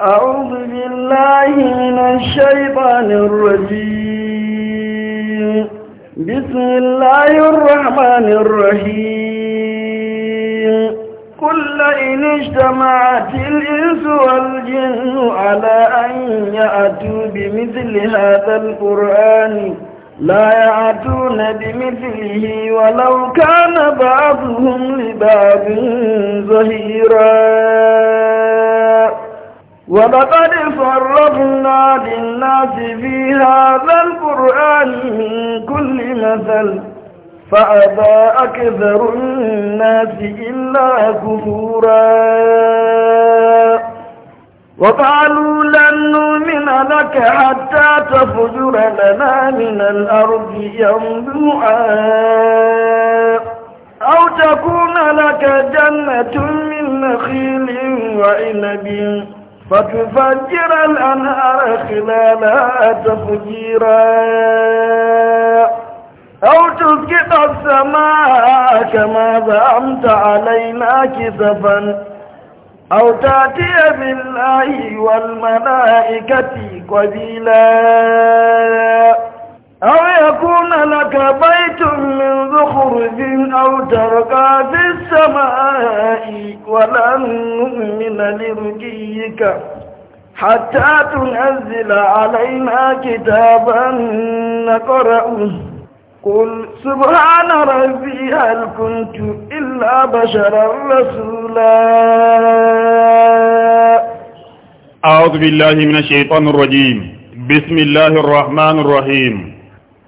أعوذ بالله من الشيطان الرجيم بسم الله الرحمن الرحيم كل إن اجتمعت الإنس والجن على أن يأتوا بمثل هذا القرآن لا يعتون بمثله ولو كان بعضهم لبعض ظهيرا ولقد صرفنا للناس في هذا القرآن من كل مثل فأبى أكثر الناس إلا كفورا وقالوا لن نؤمن لك حتى تفجر لنا من الأرض ينبوعا أو تكون لك جنة من نخيل وعنب فتفجر الأنهار خلالها تفجيرا أو تسقط السماء كما زعمت علينا كسفا أو تأتي بالله والملائكة قبيلا أو يكون لك بيت من زخرف أو ترقى في السماء ولن نؤمن لرقيك حتى تنزل علينا كتابا نقرأه قل سبحان ربي هل كنت إلا بشرا رسولا أعوذ بالله من الشيطان الرجيم بسم الله الرحمن الرحيم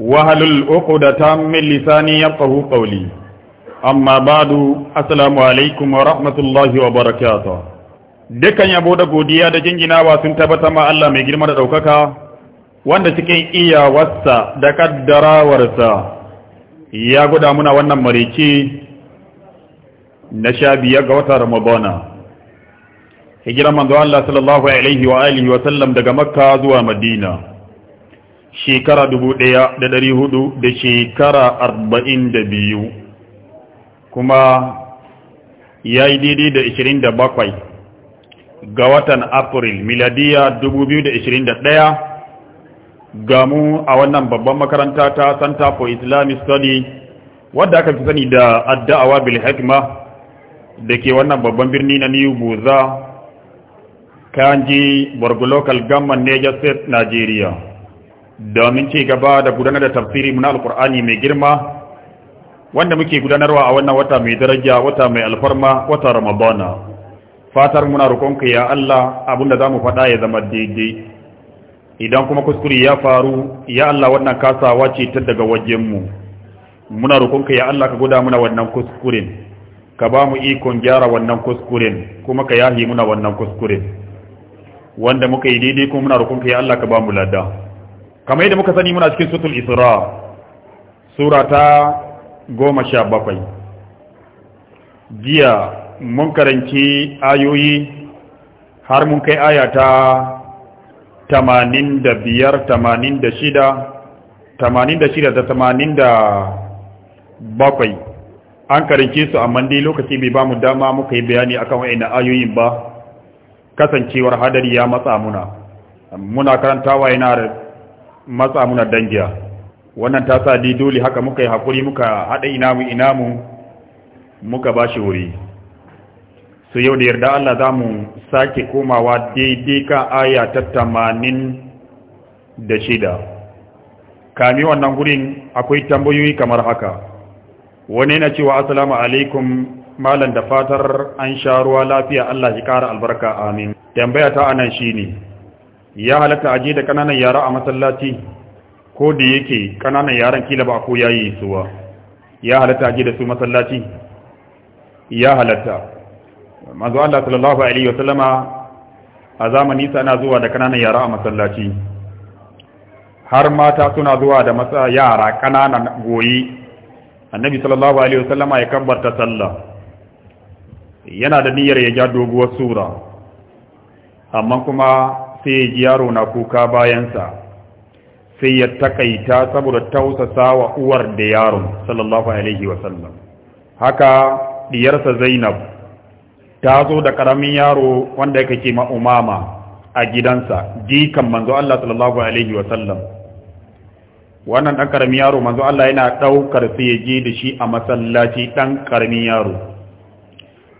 wahalul uqdata min lisani yafqahu qawli amma ba'du assalamu alaikum wa rahmatullahi wa barakatuh dukan yabo da godiya da jinjinawa sun tabbata ma Allah mai girma da daukaka wanda cikin iyawarsa da kaddarawarsa ya guda muna wannan marici na sha biyar ga watan ramadana hijira manzo Allah sallallahu alaihi wa alihi wa sallam daga makka zuwa madina shekara dubu ɗaya da ɗari hudu da shekara arba'in da biyu kuma ya yi daidai da ishirin da bakwai ga watan april miladiya dubu biyu da ishirin da ɗaya gamu a wannan babban makaranta ta center for islamic study wadda aka fi sani da adda'awa bil hikma da ke wannan babban birni na new buza kanji borgo local government niger state nigeria domin ci gaba da gudanar da tafsiri na alkur'ani mai girma wanda muke gudanarwa a wannan wata mai daraja wata mai alfarma wata ramadana fatar muna roƙonka ya Allah abinda za mu faɗa ya zama daidai idan kuma kuskure ya faru ya Allah wannan kasawa ce ta daga wajenmu muna roƙonka ya Allah ka guda muna wannan kuskuren ka ba mu ikon gyara wannan kuskuren kuma ka yahi muna wannan kuskuren wanda muka yi daidai kuma muna roƙonka ya Allah ka ba mu lada kamar yadda muka sani muna cikin sutul isra sura ta goma sha bakwai jiya mun karanci ayoyi har mun kai aya ta tamanin da biyar tamanin da shida tamanin da shida da tamanin da bakwai an karanci su amma dai lokaci bai ba mu dama muka yi bayani akan wa'ina ayoyin ba kasancewar hadari ya matsa muna muna karanta wa'ina matsa muna dangiya wannan ta sa di dole haka muka yi haƙuri muka haɗa inamu inamu muka ba shi wuri su yau da yarda Allah za mu sake komawa daidai kan aya ta tamanin da shida kami wannan gurin akwai tambayoyi kamar haka wani na cewa asalamu alaikum malam da fatar an sha ruwa lafiya Allah shi kara albarka amin tambaya ta anan shine ya halatta aje da kananan yara a masallaci ko da yake kananan yaran kila ba ko yayi suwa ya halatta aje da su masallaci ya halatta manzo Allah sallallahu alaihi sallama a zamani sana zuwa da kananan yara a masallaci har mata suna zuwa da masa yara kananan goyi annabi sallallahu alaihi wa sallama ya kabbarta sallah yana da niyyar ya ja doguwar sura amma kuma sai ya ji yaro na kuka bayansa sai ya takaita saboda tausasa wa uwar da yaron sallallahu alaihi wasallam haka diyarsa zainab ta zo da karamin yaro wanda yake kima umama a gidansa jikan manzo Allah sallallahu alaihi wasallam wannan dan karamin yaro manzo Allah yana daukar sai ya ji da shi a masallaci dan karamin yaro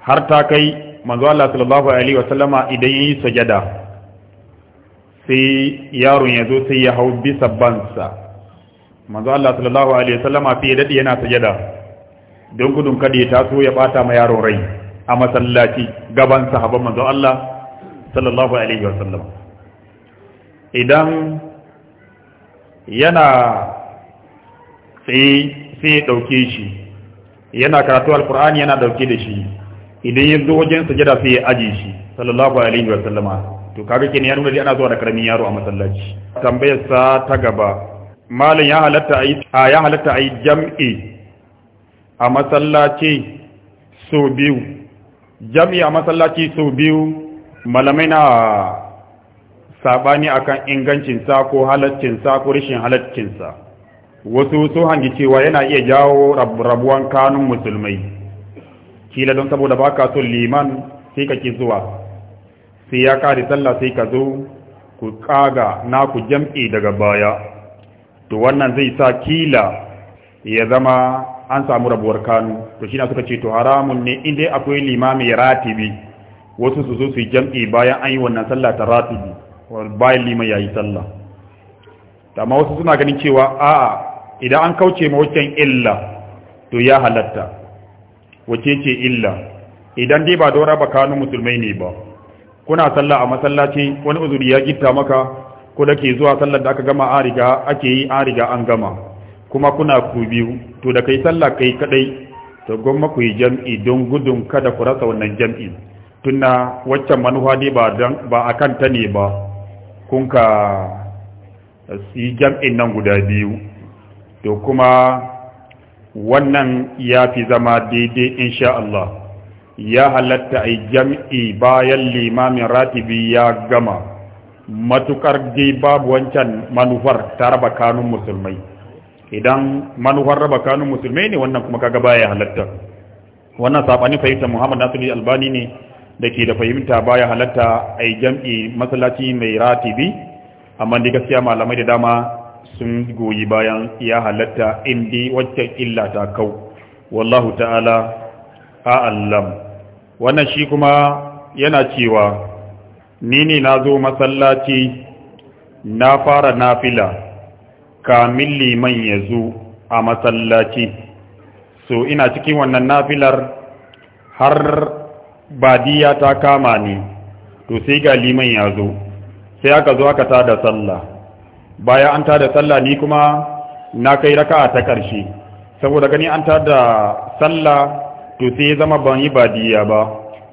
har ta kai manzo Allah sallallahu alaihi wasallama idan yi sujada sai yaron ya zo sai ya hau bisa bansa manzo Allah sallallahu alaihi sallama fiye dadi yana sajada don gudun kada ya taso ya bata ma yaron rai a masallaci gaban sahabban manzo Allah sallallahu alaihi wasallam idan yana sai sai ya dauke shi yana karatu alqur'ani yana dauke da shi idan ya zo wajen sajada sai ya aje shi sallallahu alaihi sallama. to kaga ne ya nuna dai ana zuwa da karamin yaro a masallaci tambayar sa ta gaba malam ya halatta ayi a ya halatta ayi jam'i a masallaci so biyu jam'i a masallaci so biyu malamai na sabani akan ingancin sa ko halaccin sa ko rashin halaccin sa wasu so hangi cewa yana iya jawo rabuwan kanun musulmai kila don saboda baka son liman sai kake zuwa sai ya kare sallah sai ka zo ku kaga na ku jam'i daga baya to wannan zai sa kila ya zama an samu rabuwar kanu to shi na suka ce to haramun ne inda akwai limami ratibi wasu su zo su jam'i bayan an yi wannan sallah ta ratibi bayan lima ya yi sallah amma wasu suna ganin cewa a'a idan an kauce ma illa to ya halatta wace ce illa idan dai ba daura raba kanun musulmai ne ba kuna sallah a masallaci wani uzuri ya gitta maka ko da ke zuwa sallar da aka gama an riga ake yi an riga an gama kuma kuna ku biyu to da kai sallah kai kadai to gwamma ku yi jam'i don gudun kada ku rasa wannan jam'i tunna waccan manufa dai ba ba akan ta ne ba kun ka yi jam'in nan guda biyu to kuma wannan ya fi zama daidai insha Allah ya halatta a jam'i bayan limamin ratibi ya gama matukar dai babu wancan manufar ta raba kanun musulmai idan manufar raba kanun musulmai ne wannan kuma kaga baya halatta wannan sabani fahimta muhammad nasiru albani ne da ke da fahimta baya halatta a jam'i masallaci mai ratibi amma da gaskiya malamai da dama sun goyi bayan ya halatta in dai illa ta kau wallahu ta'ala a'allam wannan shi kuma yana cewa ni ne na zo masallaci na fara nafila kamin liman ya zo a masallaci so ina cikin wannan nafilar har badiya ta kama ni to sai ga liman ya zo sai aka zo aka tada sallah baya an tada sallah ni kuma na kai raka'a ta ƙarshe saboda gani an tada sallah to sai zama ban yi badiya ba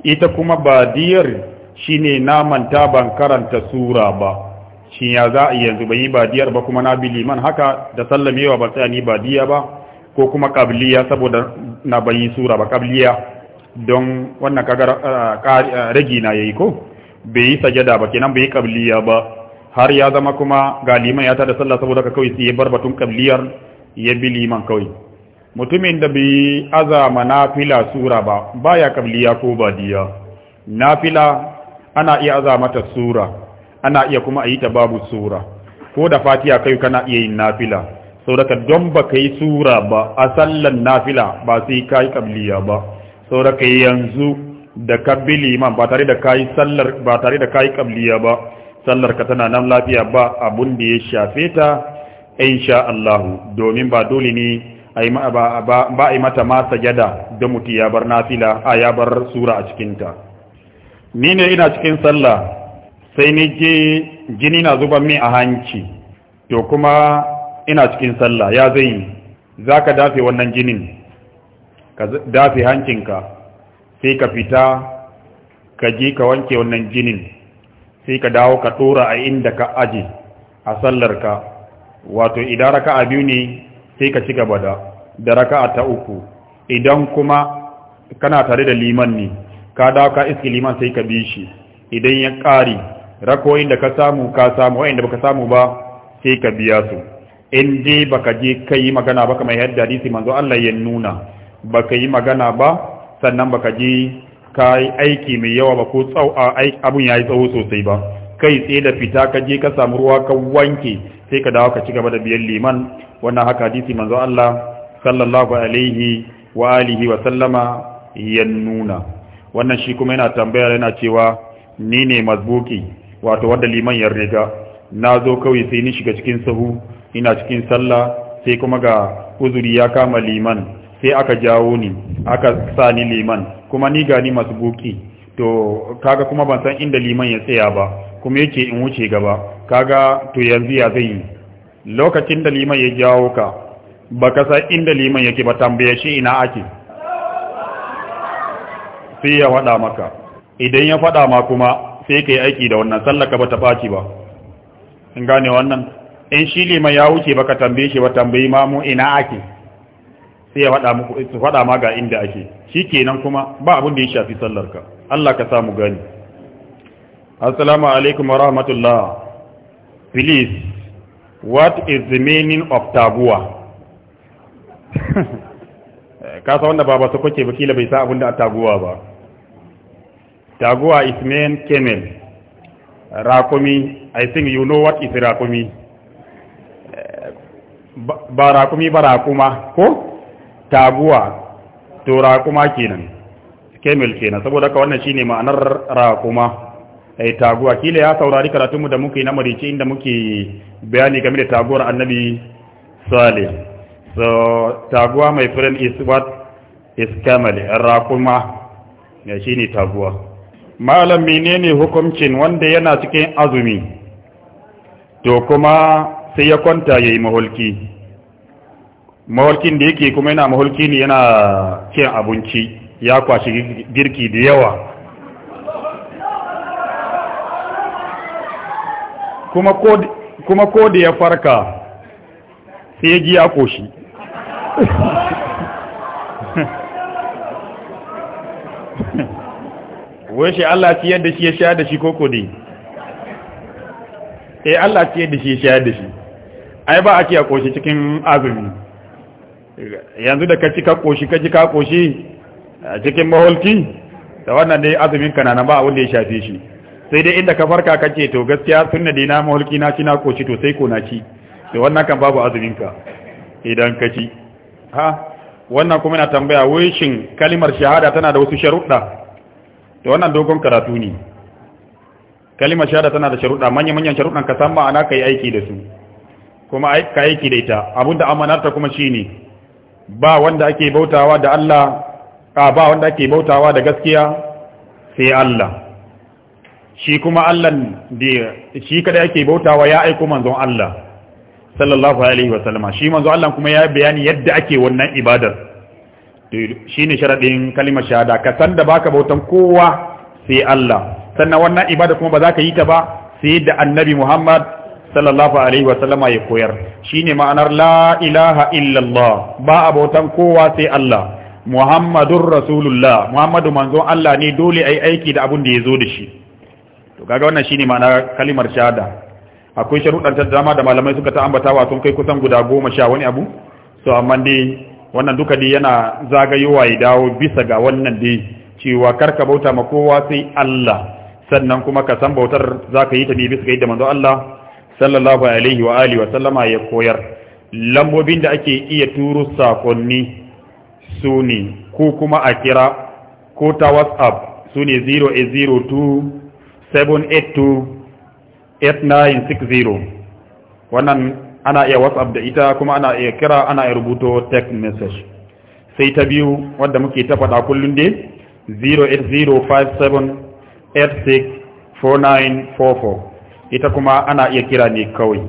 ita kuma badiyar shine na manta ban karanta sura ba shin ya za a yanzu ban yi badiyar ba kuma na bi liman haka da sallamewa ba tsaya ni badiya ba ko kuma kabliya saboda na ban yi sura ba kabliya don wannan kagar ah, ah, ragi na yayi ko bai yi sajada ba kenan bai yi kabliya ba har ya zama kuma ga liman ya tada sallah saboda ka kawai sai ya bar batun kabliyar ya bi liman kawai mutumin da bai azama nafila sura ba baya kabliya ko badiya nafila ana iya aza mata sura ana iya kuma a yi ta babu sura ko da fatiya kai kana iya yin nafila sau daga don ba ka yi sura ba a sallan nafila ba sai ka yi kabliya ba sau daga yanzu da kabili man ba tare da ka yi sallar ba tare da ka yi kabliya ba sallar ka tana nan lafiya ba abun da ya shafe ta insha Allah domin ba dole ne ba a yi mata ma sajada da mutu ya bar nafila a ya bar sura a cikinta ni ne ina cikin sallah sai ni je jini na zuba min a hanci to kuma ina cikin sallah ya zai yi za ka dafe wannan jinin ka dafe hancinka sai ka fita ka ji ka wanke wannan jinin sai ka dawo ka ɗora a inda ka aji a sallarka wato idan raka a ne sai ka ci gaba da da raka'a ta uku idan kuma kana tare da liman ne ka dawo ka iski liman sai ka bi shi idan ya ƙari rakoyin da ka samu ka samu wa'inda baka samu ba sai ka biya su in dai baka je kai magana ba mai yadda hadisi manzo Allah ya nuna baka yi magana ba sannan baka je ka yi aiki mai yawa ba ko tsau abun ya yi tsawo sosai ba kai tsaye da fita ka je ka samu ruwa ka wanke sai ka dawo ka ci gaba da biyan liman wannan haka hadisi manzo Allah sallallahu alaihi wa alihi wa sallama ya nuna wannan shi kuma yana tambaya yana cewa ni ne mazbuki wato wanda liman ya riga na zo kawai sai ni shiga cikin sahu ina cikin sallah sai kuma ga uzuri ya kama liman sai aka jawo ni aka sa ni liman kuma ni gani mazbuki to kaga kuma ban san inda liman ya tsaya ba kuma yake in wuce gaba kaga to yanzu ya zai yi lokacin da liman ya jawo ka baka san inda liman yake ba tambaye shi ina ake sai ya faɗa maka idan ya faɗa ma kuma sai ka yi aiki da wannan sallaka ba ta ɓaci ba in gane wannan in shi liman ya wuce ba ka tambaye shi ba tambayi mamu ina ake sai ya faɗa muku su faɗa ma ga inda ake shi kenan kuma ba abin da ya shafi sallarka Allah ka samu gani assalamu alaikum wa rahmatullah please what is the meaning of taguwa kasa wanda ba ba su kwace bakila bai sa abinda a taguwa ba taguwa is main kennel rakumi i think you know what is rakumi eh, ba rakumi ba rakuma ko taguwa to rakuma kenan kemil kenan saboda ka wannan shine ma'anar rakuma ai eh, taguwa kila ya saurari karatunmu da muke na marice inda muke bayani game da taguwar annabi salih so taguwa mai firin is what is rakuma ya shi ne taguwa malam menene hukuncin wanda yana cikin azumi to kuma sai ya kwanta ya yi mahulki da yake kuma yana mahulki ne yana cin abinci ya kwashi girki da yawa kuma ko kuma ko da ya farka sai ya ji ya koshi wai shi Allah ciyar da shi ya sha da shi koko ne eh Allah ciyar da shi ya sha da shi ai ba a ce koshi cikin azumi yanzu da ka ci ka koshi ka ji ka koshi cikin maholki da wannan ne azumin kanana ba a wanda ya shafe shi sai dai inda ka farka kace to gaskiya sunna dina mahulki na ci na koci to sai ko na ci to wannan kan babu azumin ka idan ka ci ha wannan kuma na tambaya wai shin kalimar shahada tana da wasu sharuɗa to wannan dogon karatu ne kalimar shahada tana da sharuɗa manya manyan sharuɗan ka san ma'ana kai aiki da su kuma ka aiki da ita abinda amanarta kuma shine ba wanda ake bautawa da Allah ba wanda ake bautawa da gaskiya sai Allah shi kuma Allah da shi kada yake bautawa ya aiko manzon Allah sallallahu alaihi wa sallama shi manzon Allah kuma ya bayani yadda ake wannan ibadar Shi ne sharaɗin kalimar shahada ka san da baka bautan kowa sai Allah sannan wannan ibada kuma ba za ka yi ta ba sai da annabi Muhammad sallallahu alaihi wa sallama ya koyar ne ma'anar la ilaha illallah ba bautan kowa sai Allah Muhammadur Rasulullah Muhammadu manzon Allah ne dole a yi aiki da abun da ya zo da shi to kaga wannan shine ma'ana kalimar shahada akwai sharuɗar ta dama da malamai suka ta wa sun kai kusan guda goma sha wani abu so amma dai wannan duka dai yana zagayowa ya dawo bisa ga wannan dai cewa karka bauta ma kowa sai Allah sannan kuma ka san bautar zaka yi ta ne bisa ga yadda manzo Allah sallallahu alaihi wa alihi wa sallama ya koyar lambobin da ake iya turo sakonni su ne ko kuma a kira ko ta whatsapp su ne 0802 7828960 wannan ana iya whatsapp da ita kuma ana iya kira ana iya rubuto text message sai ta biyu wadda muke ta faɗa kullum dai 08057864944 ita kuma ana iya kira ne kawai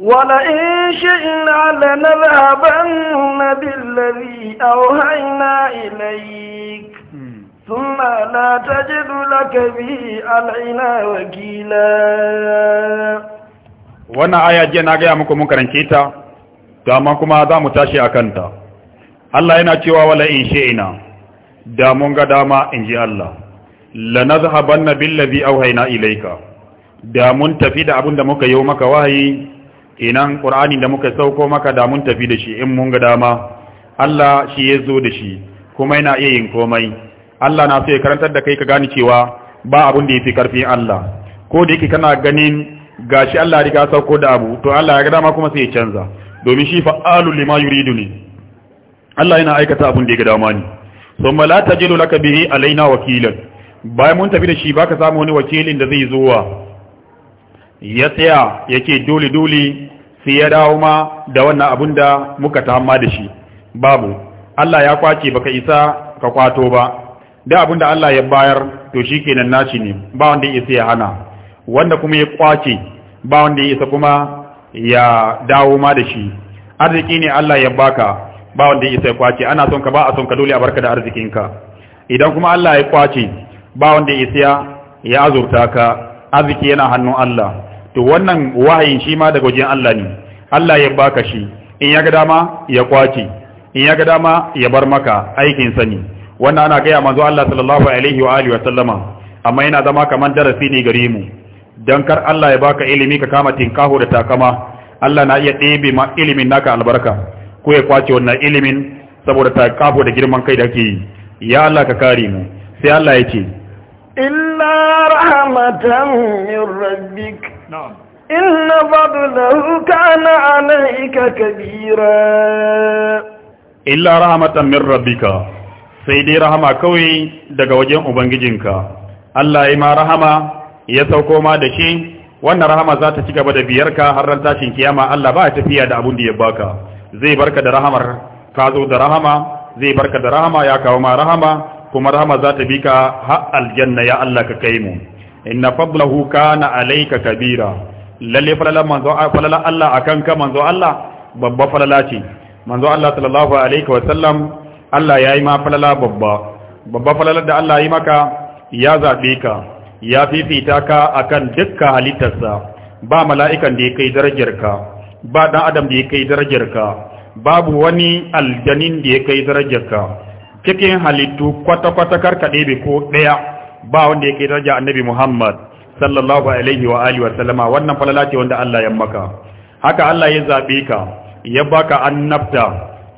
ولئن شئنا لنذهبن بالذي أوهينا إليك ثم لا تجد لك به علينا وكيلا wannan aya jiya na gaya muku mun karance ta to amma kuma za mu tashi a kanta Allah yana cewa wala in shi'ina da mun ga dama in ji Allah la nazhabanna billazi awhayna ilaika, da mun tafi da abin da muka yi maka wahayi Ina qur'ani da muka sauko maka da mun tafi da shi in mun ga dama Allah shi ya zo da shi kuma yana iya yin komai Allah na so ya karantar da kai ka gane cewa ba abun da fi karfin Allah ko da yake kana ganin gashi Allah riga sauko da abu to Allah ya ga dama kuma sai ya canza domin shi fa'alu lima yuridu ne Allah yana aikata abun da ya ga dama ne thumma la tajidu laka bihi alaina wakilan bayan mun tafi da shi baka samu wani wakilin da zai zuwa ya tsaya yake dole dole sai ya dawo ma da wannan abun da muka tamma da shi babu Allah ya kwace baka isa ka kwato ba da abin da Allah ya bayar to shi kenan nashi ne ba wanda ya isa ya hana wanda kuma ya kwace ba wanda ya isa kuma ya dawo ma da shi arziki ne Allah ya baka ba wanda ya isa ya kwace ana son ka ba a son ka dole a barka da arzikinka idan kuma Allah ya kwace ba wanda ya isa ya azurta ka arziki yana hannun Allah to wannan wahayin shi ma daga wajen Allah ne Allah ya baka shi in ya ga dama ya kwace in ya ga dama ya bar maka aikin sani wannan ana gaya manzo Allah sallallahu alaihi wa alihi wa sallama amma yana zama kaman darasi ne gare mu dan kar Allah ya baka ilimi ka kama tinkaho da takama Allah na iya ɗebe ma ilimin naka albarka ko ya kwace wannan ilimin saboda takaho da girman kai da kake yi ya Allah ka kare mu sai Allah ya ce illa rahmatan min rabbik na'am إن فضله كان Kabira. Illa rahmatan min من ربك sai dai rahama kawai daga wajen ubangijinka Allah ya ma rahama ya sauko ma da shi wannan rahama za ta ci gaba da biyarka har ran tashin kiyama Allah ba tafiya da abun da ya baka zai barka da rahamar ka zo da rahama zai barka da rahama ya kawo ma rahama kuma rahama za ta bi ka har aljanna ya Allah ka kai mu inna fadlahu kana alayka kabira lalle falala manzo Allah akan ka manzo Allah babba falala ce manzo Allah sallallahu alaihi wa sallam Allah ya yi ma falala babba babba falalar da Allah ya yi maka ya zaɓe ka ya fifita ka akan dukkan halittarsa ba mala'ikan da ya kai darajar ka ba ɗan adam da ya kai darajar ka babu wani aljanin da ya kai darajar ka cikin halittu kwata-kwata karkaɗe bai ko ɗaya ba wanda ya kai daraja annabi Muhammad sallallahu alaihi wa alihi wa sallama wannan falala ce wanda Allah ya maka haka Allah ya zabe ka ya baka annabta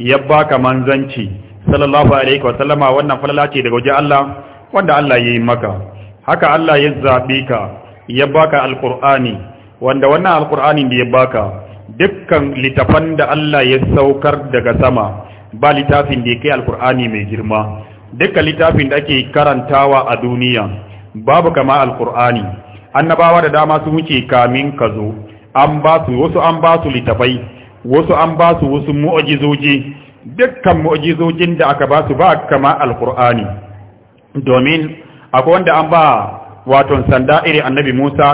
ya baka manzanci sallallahu alaihi sallama wannan falala ce daga wajen Allah wanda Allah ya yi maka haka Allah ya zaɓe ka ya baka alqur'ani wanda wannan alqur'ani da ya baka dukkan litafan da Allah ya saukar daga sama ba litafin da yake alqur'ani mai girma dukkan litafin da ake karantawa a duniya babu kama alqur'ani annabawa da dama sun wuce kamin ka zo an ba su wasu an ba su litafai wasu an ba su wasu mu'ajizoji dukkan mu'jizojin da aka ba su ba kama alkur'ani domin akwai wanda an ba waton sanda iri annabi Musa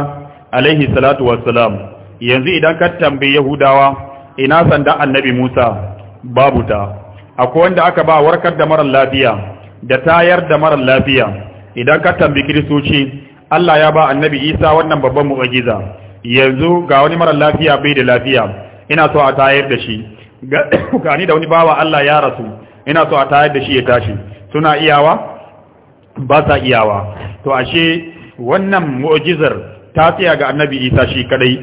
alaihi salatu wassalam yanzu idan ka tambayi yahudawa ina sanda annabi Musa babu ta akwai wanda aka ba warkar da marar lafiya da tayar da marar lafiya idan ka tambayi kiristoci Allah ya ba annabi Isa wannan babban mu'jiza yanzu ga wani marar lafiya bai da lafiya ina so a tayar da shi gani da wani bawa Allah ya rasu ina so a tayar da shi ya tashi suna iyawa ba sa iyawa to ashe wannan mu'jizar ta tsaya ga annabi Isa shi kadai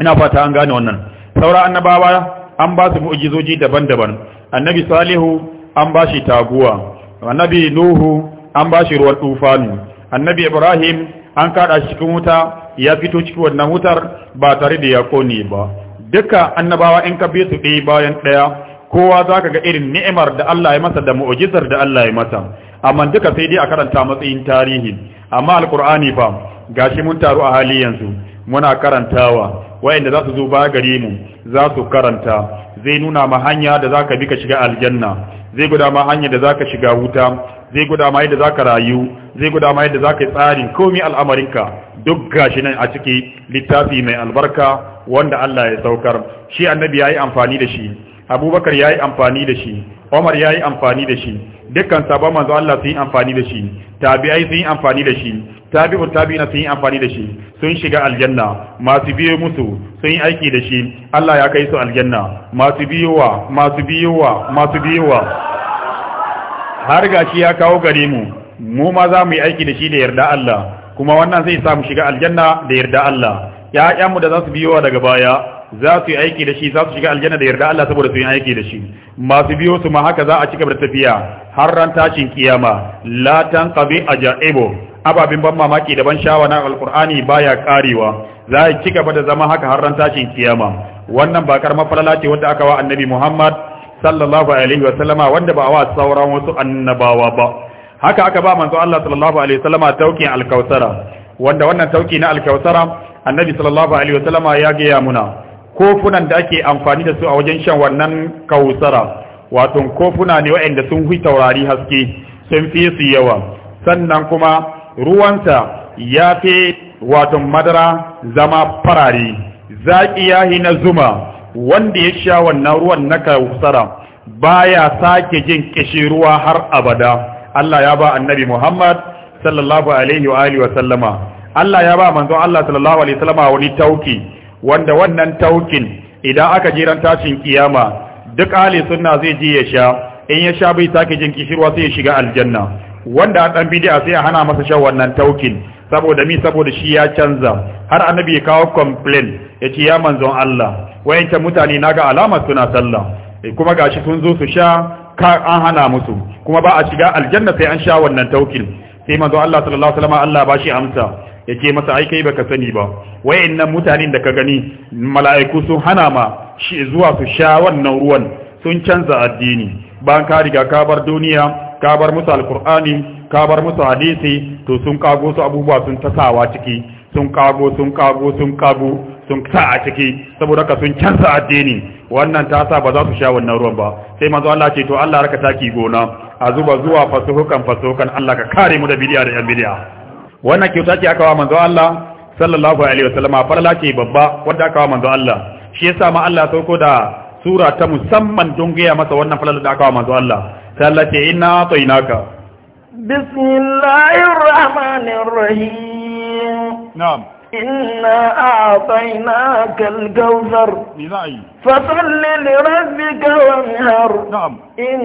ina fata an gane wannan saura annabawa an ba su mu'jizoji daban-daban annabi Salihu an ba shi taguwa annabi Nuhu an ba shi ruwan tufanu annabi Ibrahim an kada shi cikin wuta ya fito cikin wannan wutar ba tare da ya kone ba duka annabawa in ka bi su ɗaya bayan ɗaya kowa za ka ga irin ni'imar da Allah ya masa da mu'ujizar da Allah ya masa amma duka sai dai a karanta matsayin tarihi amma alkur'ani fa gashi mun taru a hali yanzu muna karantawa wayanda za su zo ba gare mu za su karanta zai nuna ma hanya da za ka bi ka shiga aljanna zai guda ma hanya da za ka shiga wuta zai guda ma yadda zaka rayu zai guda ma yadda zaka yi tsarin komi al'amarinka duk gashi nan a ciki littafi mai albarka wanda Allah ya saukar shi annabi yayi amfani da shi abubakar yayi amfani da shi umar yayi amfani da shi dukkan sabon manzo Allah sun yi amfani da shi tabi'ai sun yi amfani da shi tabi'u tabi'ina sun yi amfani da shi sun shiga aljanna masu biyo musu sun yi aiki da shi Allah ya kai su aljanna masu biyowa masu biyowa masu biyowa har gashi ya kawo gare mu mu ma za mu yi aiki da shi da yarda Allah kuma wannan zai sa mu shiga aljanna da yarda Allah ya'yanmu da za su biyo daga baya za su yi aiki da shi za su shiga aljanna da yarda Allah saboda su yi aiki da shi masu biyo su ma haka za a ci da tafiya har ran tashin kiyama la tanqabi Aja'ibu. ababin ban mamaki da ban shawa na alqur'ani baya karewa za a ci gaba da zama haka har ran tashin kiyama wannan ba karamar falala ce wadda aka wa annabi Muhammad sallallahu alaihi wasallama wanda ba wa sauran wasu annabawa ba haka aka ba manzo Allah sallallahu alaihi wasallama tauki alkausara wanda wannan tauki na alkausara annabi sallallahu alaihi wasallama ya ga ya muna kofunan da ake amfani da su a wajen shan wannan kausara wato kofuna ne waɗanda sun fi taurari haske sun fi su yawa sannan kuma ruwansa ya fi wato madara zama farare zaki yahi na zuma wanda ya sha wannan ruwan na kausara baya sake jin kishi ruwa har abada Allah ya ba annabi Muhammad sallallahu alaihi wa alihi wa sallama Allah ya ba manzo Allah sallallahu alaihi wa sallama wani tauki wanda wannan taukin idan aka jiran tashin kiyama duk ahli sunna zai je ya sha in ya sha bai sake jin kishirwa sai ya shiga aljanna wanda a dan bid'a sai a hana masa shan wannan taukin saboda mi saboda shi ya canza har annabi ya kawo complain yace ya manzon Allah wayanta mutane naga alama suna sallah eh, kuma gashi sun zo su sha ka an hana musu kuma ba a shiga aljanna sai an sha wannan taukin sai manzon Allah sallallahu alaihi wasallam Allah ba amsa yace masa ai kai baka sani ba wayannan mutanen da ka gani mala'iku sun hana ma shi zuwa su sha wannan ruwan sun canza addini bayan ka riga ka bar duniya ka bar musu alkur'ani ka bar musu hadisi to sun kago su abubuwa sun tasawa ciki sun kago sun kago sun kago sun sa a ciki saboda ka sun canza addini wannan ta sa ba za su sha wannan ruwan ba sai manzo Allah ce to Allah raka taki gona a zuba zuwa fasuhukan fasuhukan Allah ka kare mu da bidiya da yan bidiya wannan kyauta ce aka wa manzo Allah sallallahu alaihi wasallama farla ce babba wanda aka wa manzo Allah shi yasa ma Allah sauko da sura ta musamman don gaya masa wannan falala da aka wa manzo Allah sai Allah ce inna atainaka bismillahir rahmanir rahim na'am إنا أعطيناك الجوزر فصل لربك وانهر نعم إن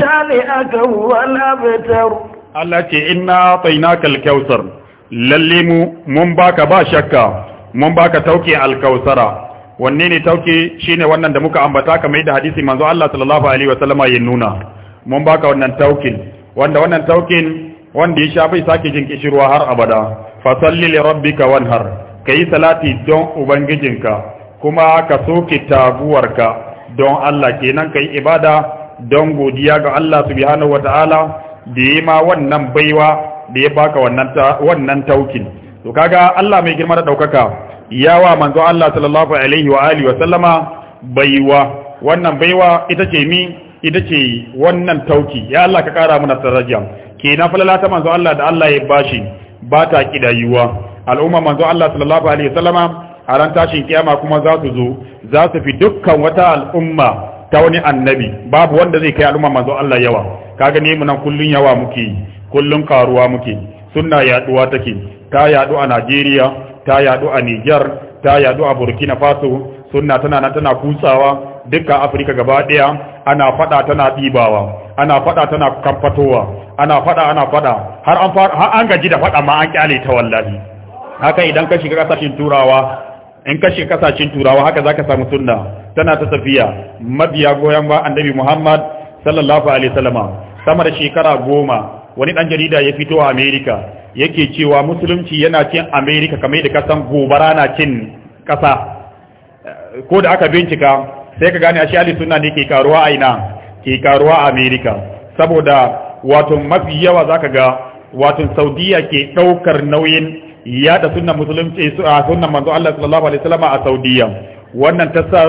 شانئك هو الأبتر التي إنا أعطيناك الكوثر للي ba shakka. Mun من باك توكي الكوثر wanne ne tauke shine wannan da muka ambata kamar da hadisi manzo Allah sallallahu alaihi sallama ya nuna mun baka wannan taukin wanda wannan taukin wanda ya sha bai sake jin kishirwa har abada fasalli li rabbika wanhar kayi salati don ubangijinka kuma ka soke taguwarka don Allah kenan kayi ibada don godiya ga Allah subhanahu wataala da yi ma wannan baiwa da ya baka wannan wannan taukin to kaga Allah mai girma da daukaka yawa manzo Allah sallallahu alaihi wa alihi wa sallama baiwa wannan baiwa ita ce mi ita ce wannan tauki ya Allah ka kara mana daraja kenan falala lalata manzo Allah da Allah ya bashi ba ta yiwuwa al'umma manzo Allah sallallahu alaihi wasallam a ran tashin kiyama kuma za su zo za su fi dukkan wata al'umma ta wani annabi babu wanda zai kai al'umma manzo Allah yawa kaga ne mu nan kullun yawa muke kullun karuwa muke sunna yaduwa take ta yadu a Najeriya ta yadu a Niger ta yadu a Burkina Faso sunna tana nan tana kutsawa dukkan Afirka gaba daya ana fada tana dibawa ana fada tana kamfatowa ana fada ana fada har an har an gaji da fada ma an kyale ta wallahi haka idan ka shiga kasashen turawa in ka shiga kasashen turawa haka zaka samu sunna tana ta tafiya mabiya goyon ba annabi Muhammad sallallahu alaihi wasallama sama da shekara goma wani dan jarida ya fito a America yake cewa musulunci yana cin America kamar da kasan gobara na cin kasa ko da aka bincika sai ka gane ashe ali sunna ne ke karuwa a ina ke karuwa a America saboda wato mafi yawa zaka ga wato Saudiya ke daukar nauyin yada sunnan musulunci a sunnan manzo Allah sallallahu alaihi wasallam a Saudiya wannan tasa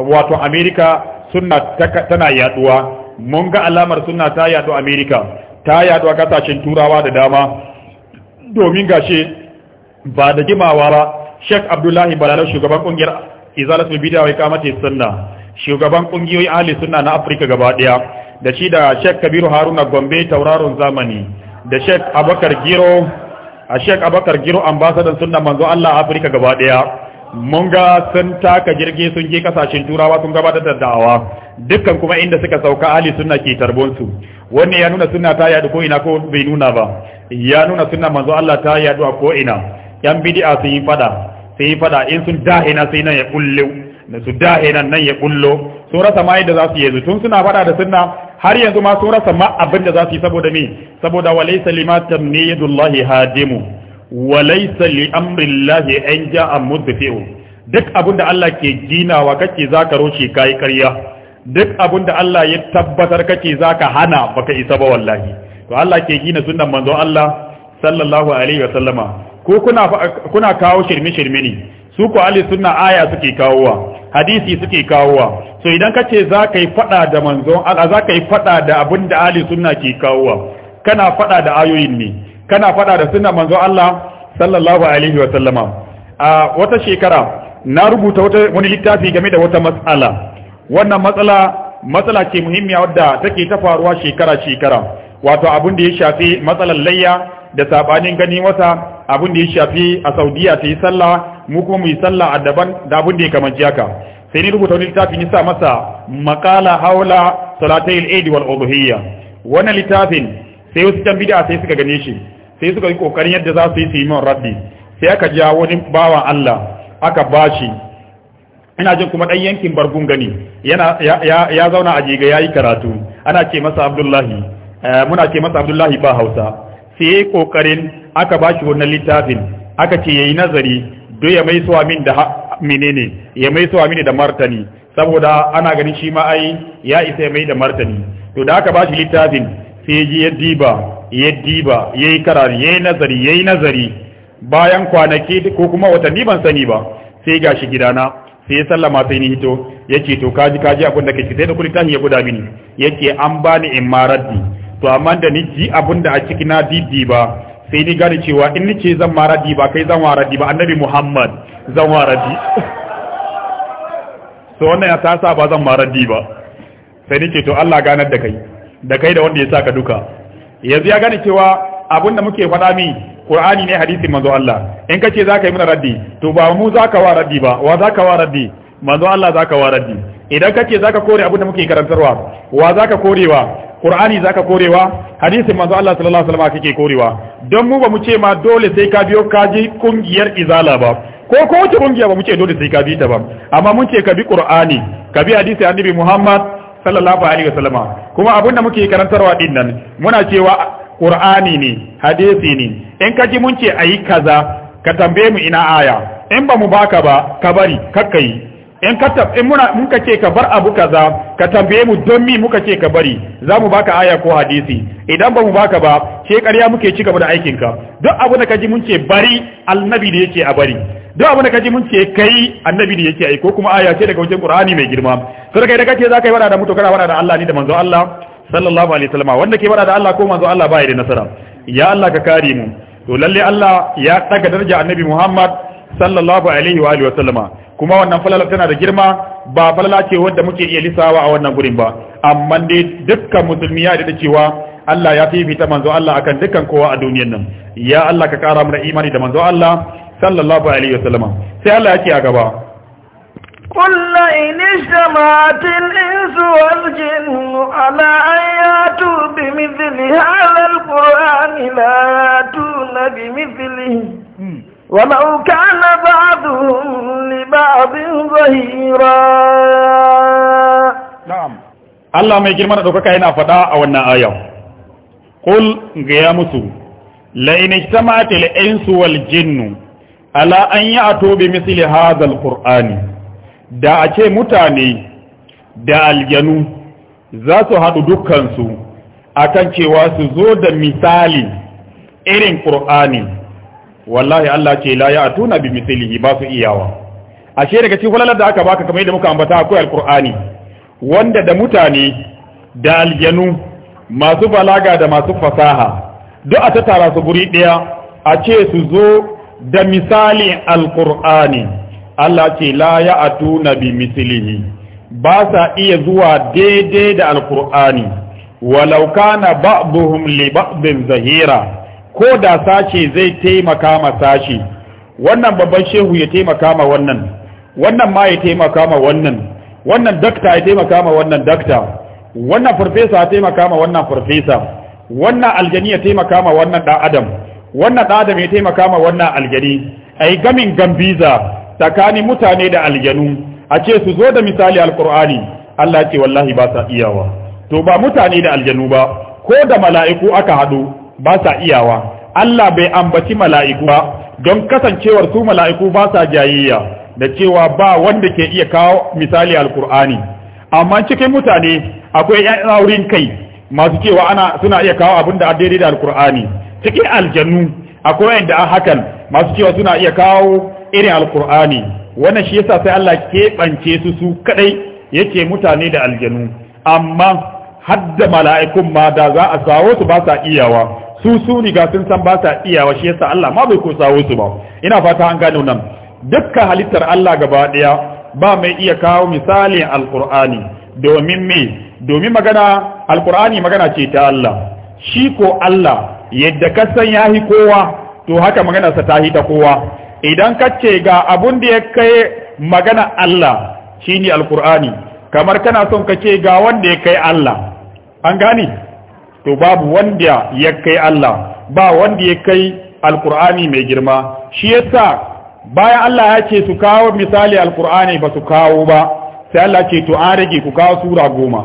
wato America sunna tana yaduwa mun ga alamar sunna ta yadu America ta yadu a kasashen turawa da dama domin gashi ba da jimawa ba Sheikh Abdullahi Balalo shugaban kungiyar Izalatul Bid'a wa Iqamati Sunna shugaban kungiyoyi ahli sunna na Afirka gaba daya da shi da Sheikh Kabiru Haruna Gombe tauraron zamani da Sheikh Abakar Giro a Sheikh Abakar Giro ambassador sunna manzo Allah Afirka gaba daya mun ga sun taka jirgin sun je kasashen turawa sun gabatar da da'awa dukkan kuma inda suka sauka ali sunna ke tarbon su wannan ya nuna sunna ta yadu ko ina ko bai nuna ba ya nuna sunna manzo Allah ta yadu a ko ina yan bid'a sun yi fada sun yi fada in sun da'ina sai nan ya kullu da su dahe eh, nan nan ya kullo sun rasa ma yadda za su yi tun suna faɗa da sunna har yanzu ma sun rasa ma abin da za su yi saboda me saboda walaysa lima tamniyadullahi hadimu walaysa li amrillahi an ja'a mudfi'u duk abin da Allah ke ginawa kake zaka roce kai karya duk abin da Allah ya tabbatar kake zaka hana baka isa ba wallahi to Allah ke gina sunnan manzon Allah sallallahu alaihi wa sallama ko kuna kuna kawo shirme shirme ne su ko ahli sunna aya suke kawowa hadisi suke kawowa so idan ka ce za ka yi fada da manzo Allah za ka yi fada da abin da ahli sunna ke kawowa kana fada da ayoyin ne kana fada da sunna manzon Allah sallallahu alaihi wa sallama a wata shekara na rubuta wata wani littafi game da wata matsala wannan matsala matsala ce muhimmiya wadda take ta faruwa shekara shekara wato abin da ya shafi matsalar layya da sabanin gani wata abin da ya shafi a Saudiya ta yi sallah mu kuma mu yi sallah a daban da abin da ya kamanci haka sai ni rubuta wani littafi ni sa masa makala haula salatai al-eid wal ubuhiyya wannan littafin sai wasu can bid'a sai suka gane shi sai suka yi kokarin yadda za su yi su yi min raddi sai aka ja wani bawan Allah aka bashi ina jin kuma dan yankin bargun gani yana ya zauna a jiga yi karatu ana ce masa Abdullahi eh, muna ce masa Abdullahi ba Hausa sai kokarin aka bashi wannan littafin aka ce yayi nazari don ya mai suwa min da menene ya mai suwa mini da martani saboda ana ganin shi ma ai ya isa ya mai da martani to da aka bashi littafin sai ji ya diba ya diba yayi karari yayi nazari yayi nazari bayan kwanaki ko kuma watanni ban sani ba sai gashi gidana sai ya sallama sai ni hito yace to kaji kaji abin da kake sai da kulli ya guda mini yake an bani in maraddi to amma da ni ji abin da a cikin na diddi ba sai ni gane cewa in ni ce zan ma raddi ba kai zan wa raddi ba annabi muhammad zan wa raddi. so wannan ya tasa ba zan ma raddi ba sai ni ce to Allah ganar da kai da kai da wanda ya saka duka yanzu ya gane cewa abinda muke faɗa mi Qur'ani ne hadisin manzo Allah in kace zaka yi mana raddi to ba mu zaka wa raddi ba wa zaka wa raddi manzo Allah zaka wa raddi idan kace zaka kore abinda muke karantarwa wa zaka korewa qur'ani zaka korewa hadisin manzo Allah sallallahu alaihi wasallam kike korewa don mu ba mu ce ma dole sai ka biyo kaji kungiyar izala ba ko ko wace kungiya ba mu ce dole sai ka bi ta ba amma mun ce ka bi qur'ani ka bi hadisi annabi Muhammad sallallahu alaihi wasallam kuma abinda muke karantarwa din nan muna cewa qur'ani ne hadisi ne in ka ji mun ce ayi kaza ka tambaye mu ina aya in ba mu baka ba ka bari kakkai in ka tab in muna muka ce ka bar abu kaza ka tambaye mu don mi muka ce ka bari za mu baka aya ko hadisi idan ba mu baka ba ce ƙarya muke ci gaba da aikin ka duk abu da kaji mun ce bari annabi da yake a bari duk abu da kaji mun ce kai annabi da yake ai ko kuma aya ce daga wajen qur'ani mai girma da kai da kace za ka yi wada da mutu kana wada da Allah ni da manzo Allah sallallahu alaihi wasallam wanda ke wada da Allah ko manzo Allah ba ya da nasara ya Allah ka kare mu to lalle Allah ya daga daraja annabi Muhammad sallallahu alaihi wa alihi sallama kuma wannan falala tana da girma ba falala ce wadda muke iya lisawa a wannan gurin ba amma dai dukkan musulmi ya da cewa Allah ya fita manzo Allah akan dukkan kowa a duniyar nan ya Allah ka kara mana imani da manzo Allah sallallahu alaihi wasallam sai Allah yake a gaba قل إن اجتمعت الإنس والجن على أن يأتوا بمثل هذا القرآن لا يأتون بمثله ولو كان بعضهم لبعض ظهيرا نعم الله ما يجرمنا دوكا هنا فدا او wannan aya قل غيا musu la in ijtama'at wal jinnu ala an ya'tu bi misli hadha al qur'ani da a ce mutane da aljanu za su haɗu dukkansu akan cewa su zo da misali irin ƙur'ani wallahi Allah ce la ya'tuna bi mislihi ba su iyawa ashe daga cikin falalar da aka baka kamar yadda muka ambata akwai alqur'ani wanda da mutane da aljanu masu balaga da masu fasaha duk a tattara su guri daya a ce su zo da misali alqur'ani Allah ce la ya'tuna bi mislihi ba sa iya zuwa daidai da alqur'ani walau kana ba'dhum li ba'dhin zahira ko da sashe zai taimaka ma sashe wannan babban shehu ya taimaka ma wannan wannan ma ya taimaka ma wannan wannan dakta ya taimaka ma wannan dakta wannan farfesa ya taimaka ma wannan farfesa wannan aljani ya taimaka ma wannan dan adam wannan dan adam ya taimaka ma wannan aljani ai gamin gambiza tsakanin mutane da aljanu a ce su zo da misali alqur'ani Allah ce wallahi ba sa iyawa to ba mutane da aljanu ba ko da mala'iku aka hadu ba sa iyawa Allah bai ambaci mala'iku ba don kasancewar su mala'iku ba sa jayayya da cewa ba wanda ke iya kawo misali alkur'ani amma cikin mutane akwai ‘yan kai masu cewa ana suna iya kawo abin da daidai da alkur'ani cikin aljannu akwai yadda an hakan masu cewa suna iya kawo irin alkur'ani wannan shi yasa sai Allah keɓance su su kaɗai yake mutane da aljannu amma hadda mala'ikun ma da za a sawo su ba sa iyawa su su riga sun san ba sa wa shi yasa Allah ma bai sawo su ba ina fata an gano nan dukka halittar Allah gaba daya ba mai iya kawo misali alqur'ani domin me domin magana alqur'ani magana ce ta Allah shi ko Allah yadda ka san ya yahi kowa to haka magana sa ta hita kowa idan ka ce ga abun da ya kai magana Allah shine alqur'ani kamar kana son ka ce ga wanda ya kai Allah an gane to babu wanda ya kai Allah ba wanda ya kai alkur'ani mai girma shi yasa bayan Allah ya ce su kawo misali alkur'ani ba su kawo ba sai Allah ce to an rage ku kawo sura goma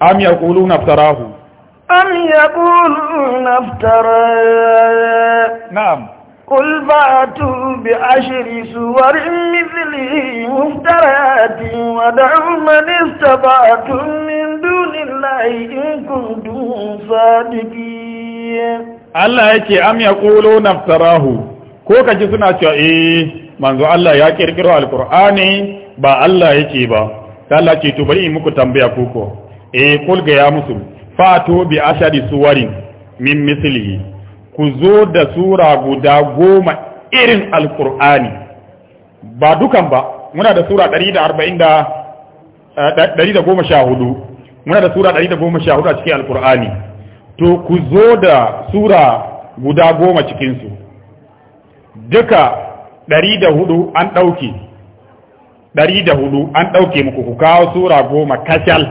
am yaquluna iftarahu am yaquluna iftara na'am قل فاتوا بعشر سور مثله مفترات ودعوا من استطعتم من دون الله إن كنتم صادقين Allah ya ce am ya ƙulo ko ka ji suna cewa eh manzo Allah ya kirkiro alkur'ani ba Allah ya ce ba ta Allah ce to bari in muku tambaya kuko eh kul ga musu fato bi ashadi suwarin min mislihi ku zo da sura guda goma irin alkur'ani ba dukan ba muna da sura hudu muna da sura hudu a cikin alkur'ani to ku zo da sura guda goma cikinsu duka hudu an ɗauke hudu an ɗauke muku ku kawo sura goma kashal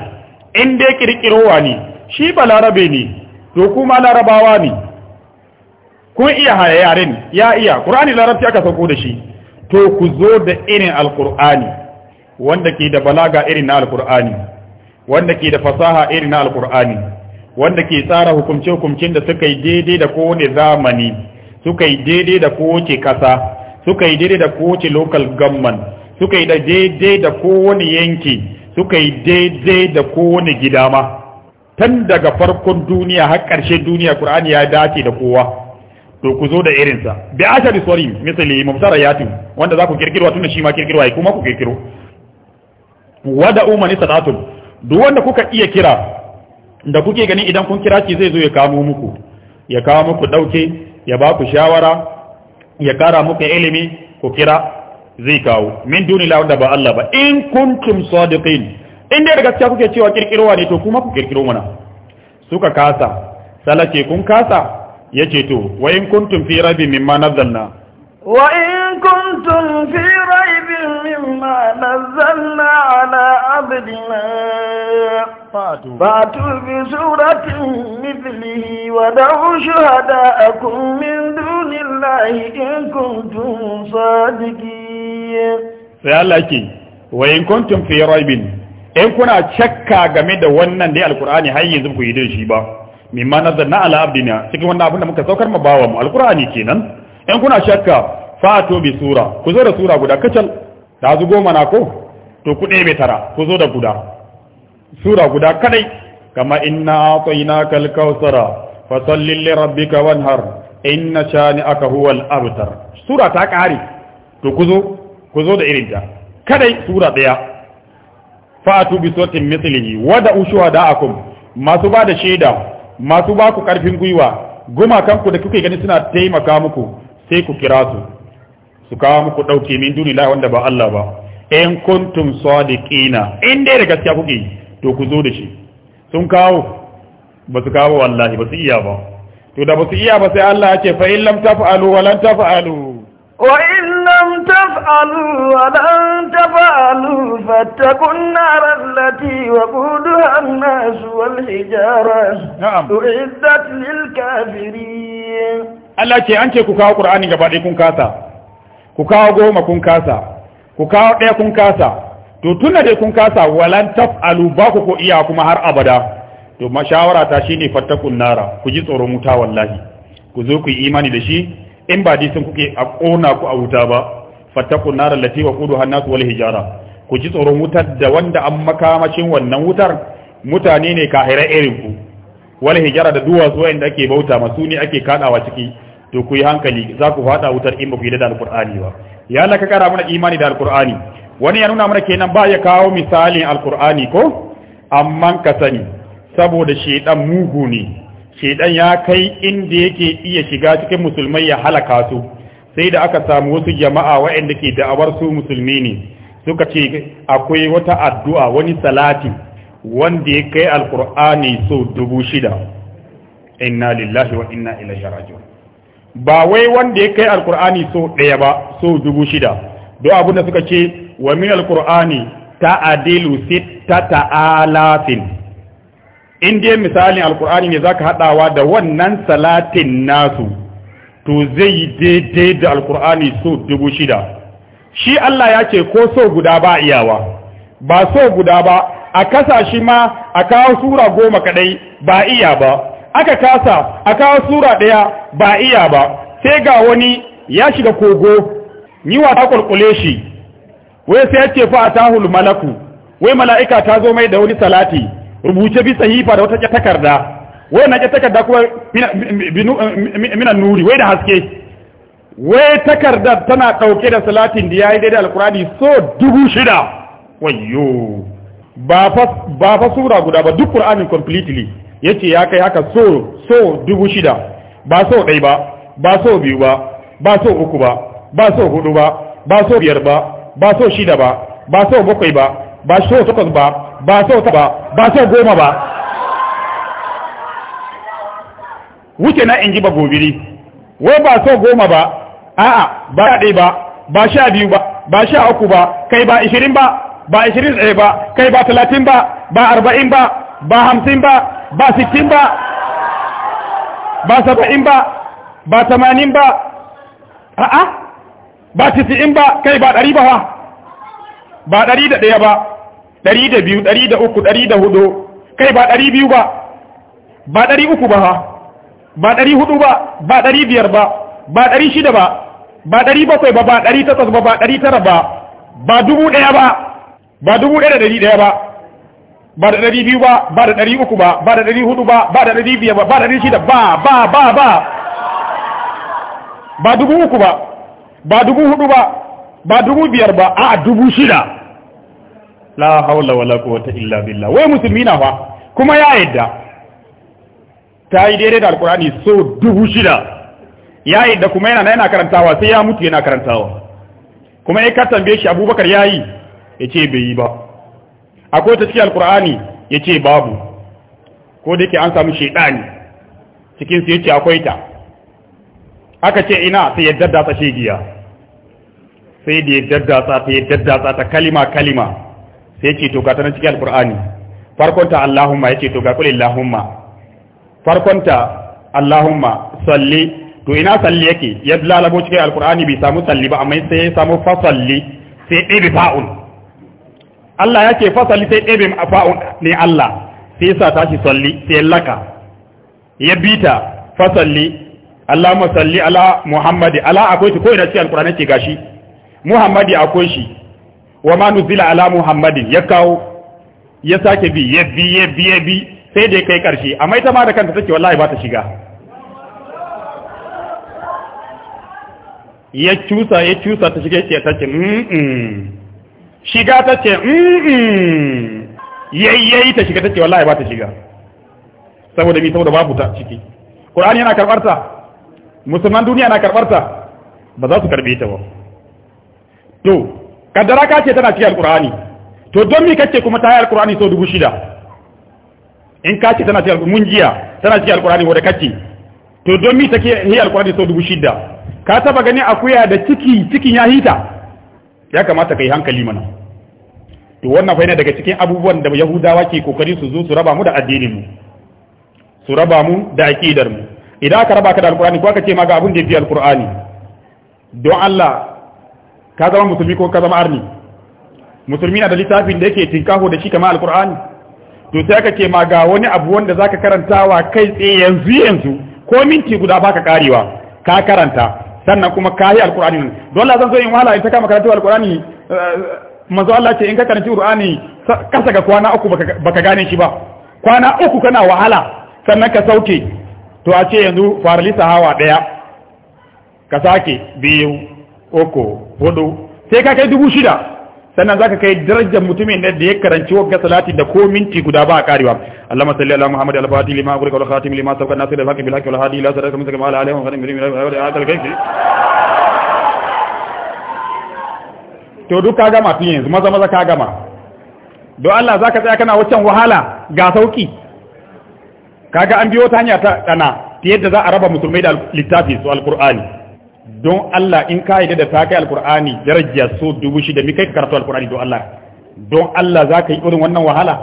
in dai ƙirƙirowa ne shi ba larabe ne to kuma larabawa ne kun iya yaren ya iya qur'ani larabci aka sauko da shi to ku zo da irin alqur'ani wanda ke da balaga irin na alqur'ani wanda ke da fasaha irin na alqur'ani wanda ke tsara hukumce hukumcin da suka yi daidai da kowane zamani suka yi daidai da kowace kasa suka yi daidai da kowace local government suka yi da daidai da kowane yanki suka yi daidai da kowane gida ma tun daga farkon duniya har ƙarshen duniya Qur'ani ya dace da kowa to ku zo da irinsa bi bi sori misali mubtarayati wanda za ku kirkiro tunda shi ma kirkiro ai kuma ku kirkiro wada umani sadatu duk wanda kuka iya kira da kuke gani idan kun kira shi zai zo ya kawo muku ya kawo muku dauke ya ba ku shawara ya kara muku ilimi ku kira zai kawo min duni la wanda ba Allah ba in kuntum sadiqin in dai da gaskiya kuke cewa kirkirowa ne to kuma ku kirkiro mana suka kasa Salake kun kasa ce to wa in kuntum fi rabi mimma nazzalna wa in kuntum fi rabi mimma nazzalna ala abdina fatu fatu bi suratin mithlihi wa da'u shuhada'akum min dunillahi in kuntum sadiqin sai Allah ke wa in kuntum fi rabi in kuna chakka game da wannan dai alqur'ani har yanzu ku yi da shi ba mimma nazzalna ala abdina cikin wannan abin da muka saukar ma bawa mu alqur'ani kenan in kuna shakka fato bi sura ku zo da sura guda kacal da zu goma na ko to ku ɗebe tara ku zo da guda sura guda kadai kama inna atainaka alkausara fasalli li rabbika wanhar inna shani'aka huwal abtar sura ta kare to ku zo ku zo da irin ta. kadai sura daya fatu bi suratin mithlihi wada akum masu ba da shaida masu ba ku karfin gwiwa gumakanku da kuke gani suna taimaka muku sai ku kira su su kawo muku ɗauke min duni la wanda ba Allah ba in kuntum sadiqina in dai da gaskiya kuke to ku zo da shi sun kawo ba su kawo wallahi ba su iya ba to da ba su iya ba sai Allah ya ce fa in lam taf'alu wa lan taf'alu wa in تفعلوا ولن تفعلوا فاتقوا النار التي وقودها الناس والحجارة أعدت للكافرين Allah ce an ce ku kawo Qur'ani gaba ɗaya kun kasa ku kawo goma kun kasa ku kawo ɗaya kun kasa to tunda dai kun kasa walan taf'alu ba ku ko iya kuma har abada to mashawara ta shine fattakun nara ku ji tsoron wuta wallahi ku zo ku yi imani da shi in ba dai sun kuke a ƙona ku a wuta ba fattaqun da allati waquduha an-nas wal hijara ku ji tsoron wutar da wanda an makamashin wannan wutar mutane ne kahira irin ku wal hijara da duwatsu wanda ake bauta masu ne ake kadawa ciki to ku yi hankali za ku fada wutar in ba ku yi da alqur'ani ba ya Allah ka kara mana imani da alkur'ani wani ya nuna mana kenan ba ya kawo misalin alkur'ani ko amma ka sani saboda shedan mugu ne shedan ya kai inda yake iya shiga cikin musulmai ya halaka su sai da aka samu wasu jama'a wa'anda ke da'awar su musulmi ne suka ce akwai wata addu'a wani salati wanda ya kai alkur'ani so dubu shida inna lillahi wa inna ilaihi raji'un ba wai wanda ya kai alkur'ani so ɗaya ba so dubu shida don abin da suka ce wa min alkur'ani ta adilu sitta alafin in dai misalin alkur'ani ne zaka haɗawa da wannan salatin nasu to zai yi daidai da alkur'ani so dubu shida shi Allah ya ce ko so guda ba iyawa ba so guda ba a kasa shi ma a kawo sura goma kadai ba iya ba aka kasa a kawo sura daya ba iya ba sai ga wani ya shiga kogo yi wa ta kulkule shi wai sai yace fa tahul malaku wai mala'ika ta zo mai da wani salati rubuce bi sahifa da wata takarda wai na ke takarda kuma eh, mina nuri wai da haske wai takardar tana ɗauke da salatin da ya yi daidai alkurani so dubu shida wayo ba fa sura guda ba duk ƙur'anin completely ya ce ya kai haka so so dubu shida ba so ɗai ba ba so biyu ba ba so uku ba ba so hudu ba ba so biyar ba ba so shida ba ba so bakwai ba ba so takwas ba ba so ta ba ba so goma ba wuce na in ji ba gobiri wai ba so goma ba a'a ba ɗaya ba ba sha biyu ba ba sha uku ba kai ba ishirin ba ba ishirin tsaye ba kai ba talatin ba ba arba'in ba ba hamsin ba ba sittin ba ba saba'in ba ba tamanin ba a'a ba tisi'in ba kai ba ɗari ba ba ɗari da ɗaya ba ɗari da biyu ɗari da uku ɗari da hudu kai ba ɗari biyu ba ba ɗari uku ba ha ba ɗari hudu ba ba ɗari biyar ba ba ɗari shida ba ba ɗari bakwai ba ba ɗari takwas ba ba ɗari tara ba ba dubu ɗaya ba ba dubu ɗaya da ɗari ɗaya ba ba da ɗari biyu ba ba da ɗari uku ba ba da ɗari hudu ba ba da ɗari biyar ba ba da ɗari shida ba ba ba ba ba dubu uku ba ba dubu hudu ba ba dubu biyar ba a dubu shida la haula wala quwwata illa billah wai musulmi na fa kuma ya yadda ta yi daidai da alkur'ani so dubu shida ya yi da kuma yana yana karantawa sai ya mutu yana karantawa kuma ya ka bai shi abubakar ya yi ya ce bai yi ba akwai ta cikin alkur'ani ya ce babu ko da ke an samu shaidani cikin su ya ce akwai ta aka ce ina sai ya daddasa shegiya sai da ya daddasa ta ya daddasa ta kalima kalima sai ya ce to ka ta cikin alkur'ani farkon ta allahumma ya ce to ga Allahumma. farkonta Allahumma salli to ina salli yake ya lalabo cikin alkur'ani bai samu salli ba amma sai ya samu fasalli sai ɗebe fa'un Allah ya ce fasalli sai ɗebe fa'un ne Allah sai sa tashi salli sai laka ya bita fasalli Allahumma salli ala Muhammadi ala akwai ta ko ina cikin alkur'ani ke gashi Muhammadi akwai shi wa ma nuzila ala Muhammadin ya kawo ya sake bi ya bi ya bi ya bi sai da ya kai ƙarshe amma ita ma da kanta take wallahi ba ta shiga ya cusa ya cusa ta shiga ya ta ce shiga ta ce yayyayi ta shiga ta ce wallahi ba ta shiga saboda mi saboda babu ta ciki Qur'ani yana karbar ta musulman duniya na karbar ta ba za su karbe ta ba to kaddara ka ce tana cikin alqur'ani to don me kace kuma ta yi alqur'ani sau dubu shida in ka ce tana cikin mun jiya tana cikin alkurani wadda kace to don mi take yi alkurani sau dubu shidda ka taba gani akuya da ciki cikin ya hita ya kamata ka yi hankali mana to wannan fa yana daga cikin abubuwan da yahudawa ke kokari su zo su raba mu da addinin mu su raba mu da aqidar mu idan aka raba ka da alkurani ko aka ce ma ga abun da yafi alkurani don Allah ka zama musulmi ko ka zama arni musulmi na da littafin da yake tinkaho da shi kamar alkurani to sai aka ce ma ga wani abu wanda zaka karantawa kai tsaye yanzu yanzu ko minti guda baka karewa ka karanta sannan kuma ka yi alkur'ani don la zan so in wahala in ta kama karatu alkur'ani eh, manzo Allah ce in ka karanci alkurani kasa ga kwana uku baka gane shi ba kwana uku kana wahala sannan ka sauke to a ce yanzu lisa sahawa daya ka sake biyu uku hudu sai ka kai dubu shida sannan zaka kai darajar mutumin da ya karanci wagga salati da ko minti guda ba a karewa Allahumma salli ala Muhammad lima khatim lima bil wal hadi wa to duk ka gama yanzu maza maza ka gama don Allah zaka tsaya kana waccan wahala ga sauki kaga an biyo hanya ta ta za a raba musulmai da littafi su alqur'ani don Allah in ka yi da ta kai alkur'ani daraja so dubu shida mi kai ka karatu alkur'ani don Allah don Allah za ka yi irin wannan wahala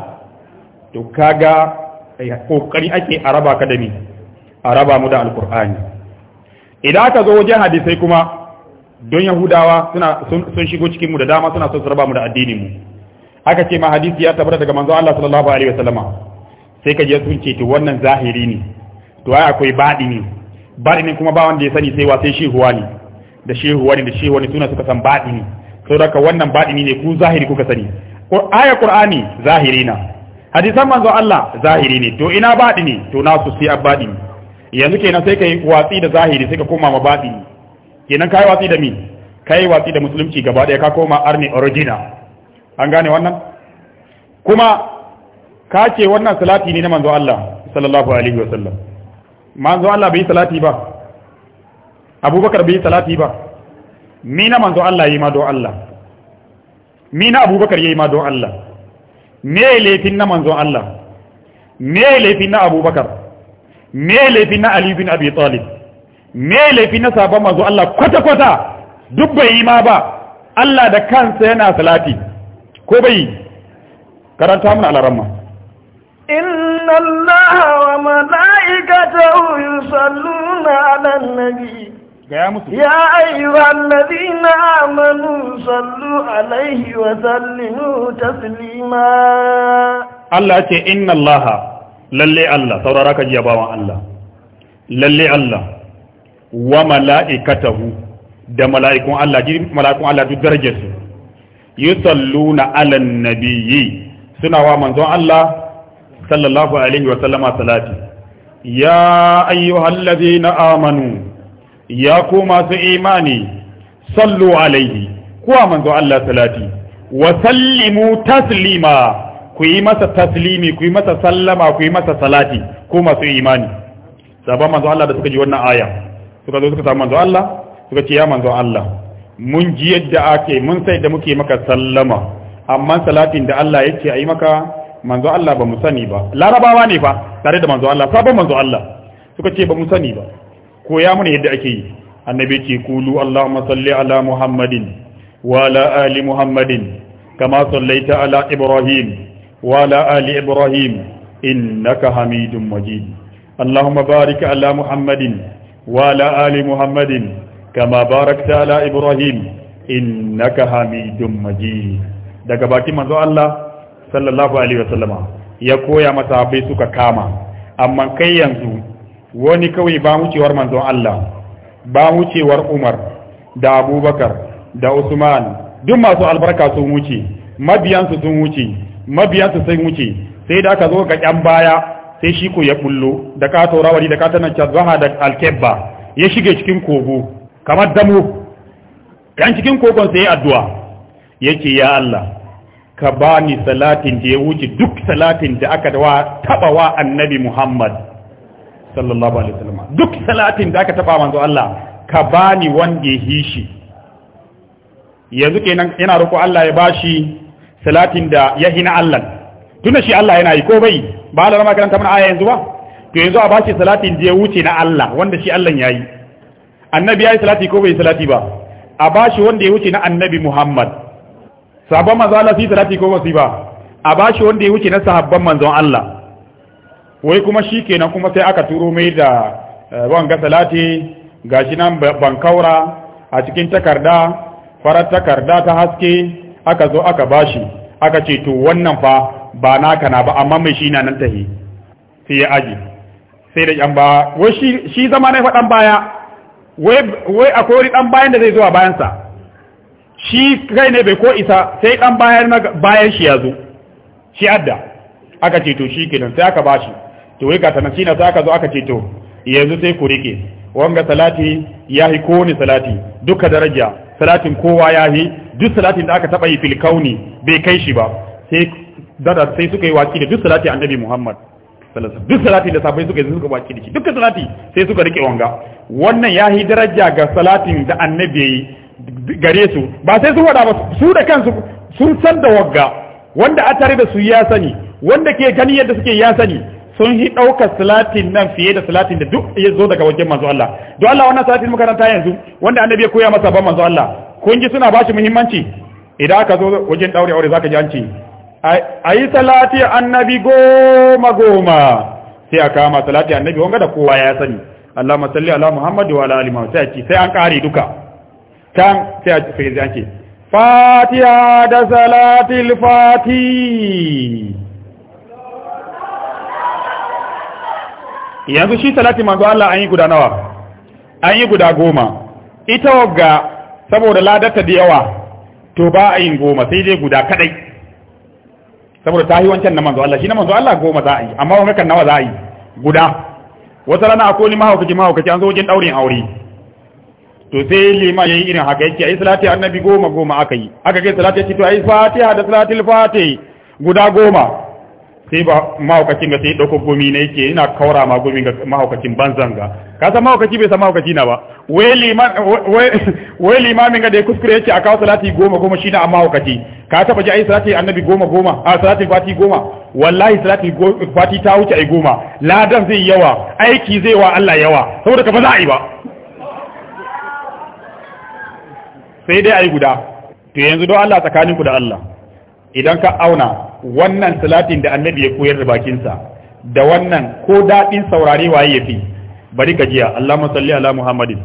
to kaga kokari ake a raba ka da ni a raba mu da alkur'ani idan aka zo wajen hadisai kuma don yahudawa suna sun shigo cikin mu da dama suna son su raba mu da addinin mu aka ce ma hadisi ya tabbata daga manzo Allah sallallahu alaihi wasallama sai ka je sun ce to wannan zahiri ne to ai akwai baɗi ne ne kuma ba wanda ya sani sai wa sai shi ne da shi ne da shi ne suna suka san baɗini saboda wannan baɗini ne ku zahiri kuka sani aya ƙur'ani zahiri na hadisan manzo Allah zahiri ne to ina baɗini to nasu sai ne. yanzu kenan sai kai watsi da zahiri sai ka koma ma baɗini kenan kai watsi da mi kai watsi da musulunci gaba ɗaya ka koma arni original an gane wannan kuma ka ce wannan salati ne na manzo Allah sallallahu alaihi wa sallam. manzo Allah bai salati ba abubakar bai salati ba Mi na manzo Allah yi ma don Allah Mi na abubakar yi ma don Allah me laifin na manzo Allah me laifin na abubakar me laifin na ali bin abi talib me laifin na sabon manzo Allah kwata kwata duk bai yi ma ba Allah da kansa yana salati ko bai karanta mun alaramma inna allaha wa malaikatahu mala'ikatahu yusalluna 'alan nabi يا أيها الذين آمنوا صلوا عليه وسلموا تسليما الله إن الله للي الله سورارك جباوا الله للي الله وملائكته da mala'ikun Allah ji mala'ikun Allah duk darajar su yusalluna ala nabiyyi suna wa manzon Allah sallallahu alaihi wa sallama salati يا أيها الذين آمنوا يا كوما إيماني صلوا عليه كوما ذو الله ثلاثي وسلموا تسليما كوما تسليمي كوما سلما كوما صلاتي كوما إيماني sabon manzo Allah da suka ji wannan aya suka zo suka samu manzo Allah suka ce ya manzo Allah mun ji yadda ake mun sai da muke maka sallama amma salatin da Allah yake a yi maka manzo Allah ba mu sani ba larabawa ne fa tare da manzo Allah sabon manzo Allah suka ce ba mu sani ba koya mana yadda ake yi annabi ce kulu Allahumma salli ala Muhammadin wa ala ali Muhammadin kama sallaita ala Ibrahim wa ala ali Ibrahim innaka Hamidum Majid Allahumma barik ala Muhammadin wa ala ali Muhammadin kama barakta ala Ibrahim innaka Hamidum Majid daga baki manzo Allah sallallahu alaihi sallama ya koya masa bai suka kama amma kai yanzu wani kawai ba wucewar manzon Allah ba wucewar Umar da Abubakar da Usman duk masu albarka sun wuce mabiyansu sun wuce mabiyansu sun wuce sai da aka zo ga ƴan baya sai shi ko ya bullo da ka taurawari da ka tanan zaha da alkebba ya shige cikin kogo kamar damo kan cikin kogon sai addu'a yake ya Allah ka bani salatin da ya wuce duk salatin da aka wa taba wa annabi Muhammad sallallahu alaihi wasallam duk salatin da aka taba manzo Allah ka bani wanda ya hishi yanzu kenan yana roƙo Allah ya bashi salatin da ya hina Allah tunda shi Allah yana yi ko bai ba la rama karanta mana aya yanzu ba to yanzu a bashi salatin da ya wuce na Allah wanda shi Allah ya yi annabi ya yi salati ko bai salati ba a bashi wanda ya wuce na annabi Muhammad sabon manzon Allah sai salati ko wasi ba a bashi wanda ya wuce na sahabban manzon Allah wai kuma shikenan kuma sai aka turo mai da ban eh, ga salati gashi nan ban kaura a cikin takarda farar takarda ta haske aka zo aka bashi aka ce to wannan fa ba naka na ba amma mai shi na nan tahi sai ya aji sai da yan ba wai shi zama na faɗan baya wai akwai wani ɗan bayan da zai zuwa bayansa shi kai ne bai ko isa sai dan na bayan shi yazo shi adda aka ce to shi kenan sai aka bashi to wai ka ta shi sai aka zo aka ce to yanzu sai ku rike wanga salati yahi ko ni salati duka daraja salatin kowa yahi duk salatin da aka taba yi fil kauni bai kai shi ba sai dada sai suka yi waki da duk salati annabi Muhammad duk salati da sabai suka yi suka waki da shi duka salati sai suka rike wanga wannan yahi daraja ga salatin da annabi gare su ba sai sun faɗa ba su da kansu sun san da wagga wanda a tare da su ya sani wanda ke gani yadda suke ya sani sun yi ɗaukar salatin nan fiye da salatin da duk ya zo daga wajen manzo Allah don Allah wannan salatin makaranta yanzu wanda annabi ya koya masa ban manzo Allah kun ji suna bashi muhimmanci idan aka zo wajen daure aure zaka ji an ce ayi salati annabi goma goma sai a kama salati annabi wanga da kowa ya sani Allahumma salli ala Muhammad wa ala ali Muhammad sai an kare duka can sai a fi zan ce fatiya da salatil fati yanzu shi salati manzo Allah an yi guda nawa an yi guda goma ita wagga saboda ladarta da yawa to ba a yin goma sai dai guda kadai saboda ta yi wancan na manzo Allah shi na manzo Allah goma za a yi amma wanka kan nawa za a yi guda wata rana a ni mahaukaci mahaukaci an zo wajen daurin aure to sai lima yayi irin haka yake ai salati annabi goma goma aka yi aka kai salati ce to ai fatiha da salatul fatihi guda goma sai ba mahaukacin ga sai dauko gomi ne yake ina kaura ma gomi ga mahaukacin banzan ga ka san mahaukaci bai san mahaukaci na ba wai liman wai limamin ga da kuskure yake aka salati goma goma shi da amma mahaukaci ka taba ji ai salati annabi goma goma a salati fati goma wallahi salati fati ta wuce ai goma ladan zai yawa aiki zai wa Allah yawa saboda ka ba za a yi ba sai dai a yi guda to yanzu don Allah tsakaninku da Allah idan ka auna wannan salatin da annabi ya koyar da bakinsa da wannan ko daɗin saurare waye ya fi bari ka jiya Allahumma salli ala Muhammadin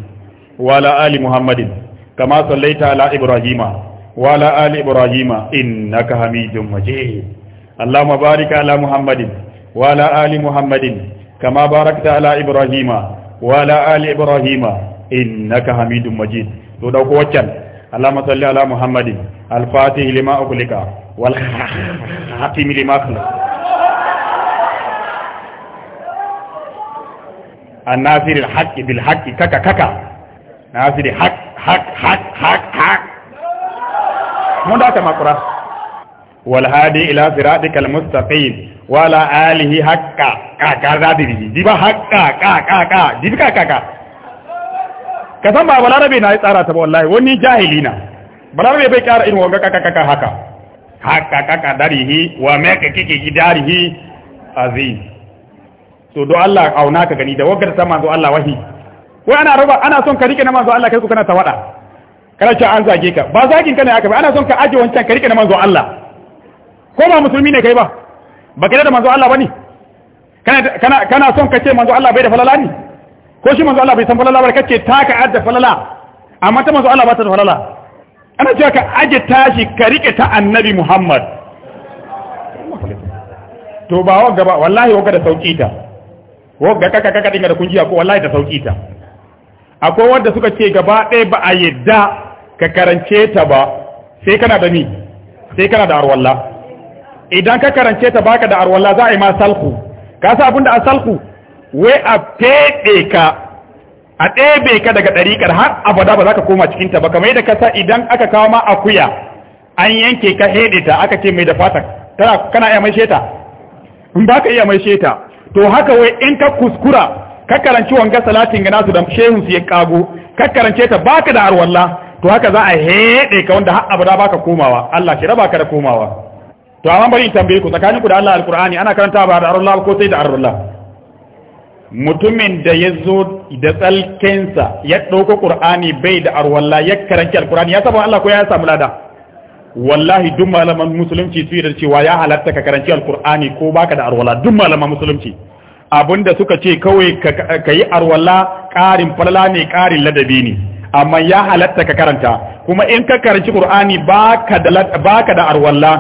wa ala ali Muhammadin kama sallaita ala Ibrahima wa ala ali Ibrahima innaka Hamidum Majid Allahumma barik ala Muhammadin wa ala ali Muhammadin kama barakta ala Ibrahima wa ala ali Ibrahima innaka hamidun Majid to dauko waccan اللهم صل على محمد الفاتح لما أغلق والحاتم لما أخلق الناصر الحق بالحق كك كك ناصر حق حق حق حق حق من ذاك مقرأ والهادي إلى صراطك المستقيم وعلى آله حق كك ذاته دي بحق كك كك دي كك كك ka san ba balarabe na yi tsara ta ba wallahi wani jahili na balarabe bai kyara irin wanga kakakaka haka haka kaka darihi wa meka kike darihi azim to do Allah auna ka gani da wagar ta manzo Allah wahi wai ana raba ana son ka rike na manzo Allah kai ku kana ta wada kana ce an zage ka ba zagin ka ne aka ba ana son ka aje wancan ka rike na manzo Allah ko ba musulmi ne kai ba ba kai da manzo Allah bane kana kana kana son ka ce manzo Allah bai da falala ne ko shi manzo Allah bai san falala ba kake taka adda falala amma ta manzo Allah ba ta da falala ana cewa ka aje tashi ka rike ta annabi Muhammad to ba wa gaba wallahi wa da sauki ta wa ga kaka kaka dinga da kunjiya ko wallahi da sauki ta akwai wanda suka ce gaba ɗaya ba a yadda ka karance ta ba sai kana da ni sai kana da arwalla idan ka karance ta baka da arwalla za a yi ma salku ka sa abin da a salku wai a feɗe ka a ɗebe ka daga ɗariƙar har abada ba za ka koma cikin ta ba kamar yadda kasa idan aka kawo ma akuya an yanke ka heɗe ta aka ce mai da fata tana kana iya mai sheta in ba ka iya mai sheta to haka wai in ka kuskura ka karanci wanga salatin ga nasu da shehun su ya kago ka karance ta baka da arwalla to haka za a heɗe ka wanda har abada baka komawa Allah ki raba ka da komawa to amma bari in tambaye ku tsakaninku da Allah alqur'ani ana karanta ba da arwalla ko sai da arwalla mutumin da ya zo da tsalkensa ya ɗauko ƙur'ani bai da arwalla ya karanci alƙur'ani ya saba Allah ko ya samu lada wallahi duk malaman musulunci su da cewa ya halatta ka karanci alƙur'ani ko baka da arwalla duk malaman musulunci abinda suka ce kawai ka yi arwalla ƙarin falala ne ƙarin ladabi ne amma ya halatta ka karanta kuma in ka karanci ƙur'ani baka da arwalla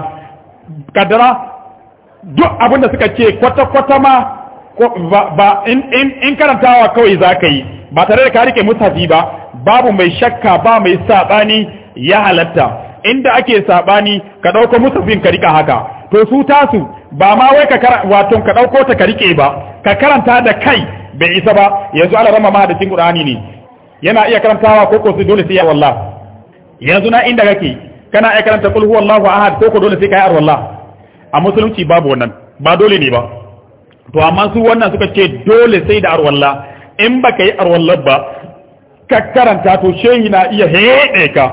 kadara duk abinda suka ce kwata-kwata ma ba in karantawa kawai za ka yi ba tare da ka rike mutafi ba babu mai shakka ba mai saɓani ya halatta inda ake saɓani ka ɗauko mutafin ka rika haka to su tasu ba ma wai ka ka ɗauko ta ka rike ba ka karanta da kai bai isa ba yanzu ala rama ma da cin qur'ani ne yana iya karantawa ko ko dole sai ya wallah yanzu na inda kake kana iya karanta qul huwallahu ahad ko ko dole sai ka yi arwallah a musulunci babu wannan ba dole ne ba to amma su wannan suka ce dole sai da arwalla in ka yi arwalla ba ka karanta to shehi na iya heɗe ka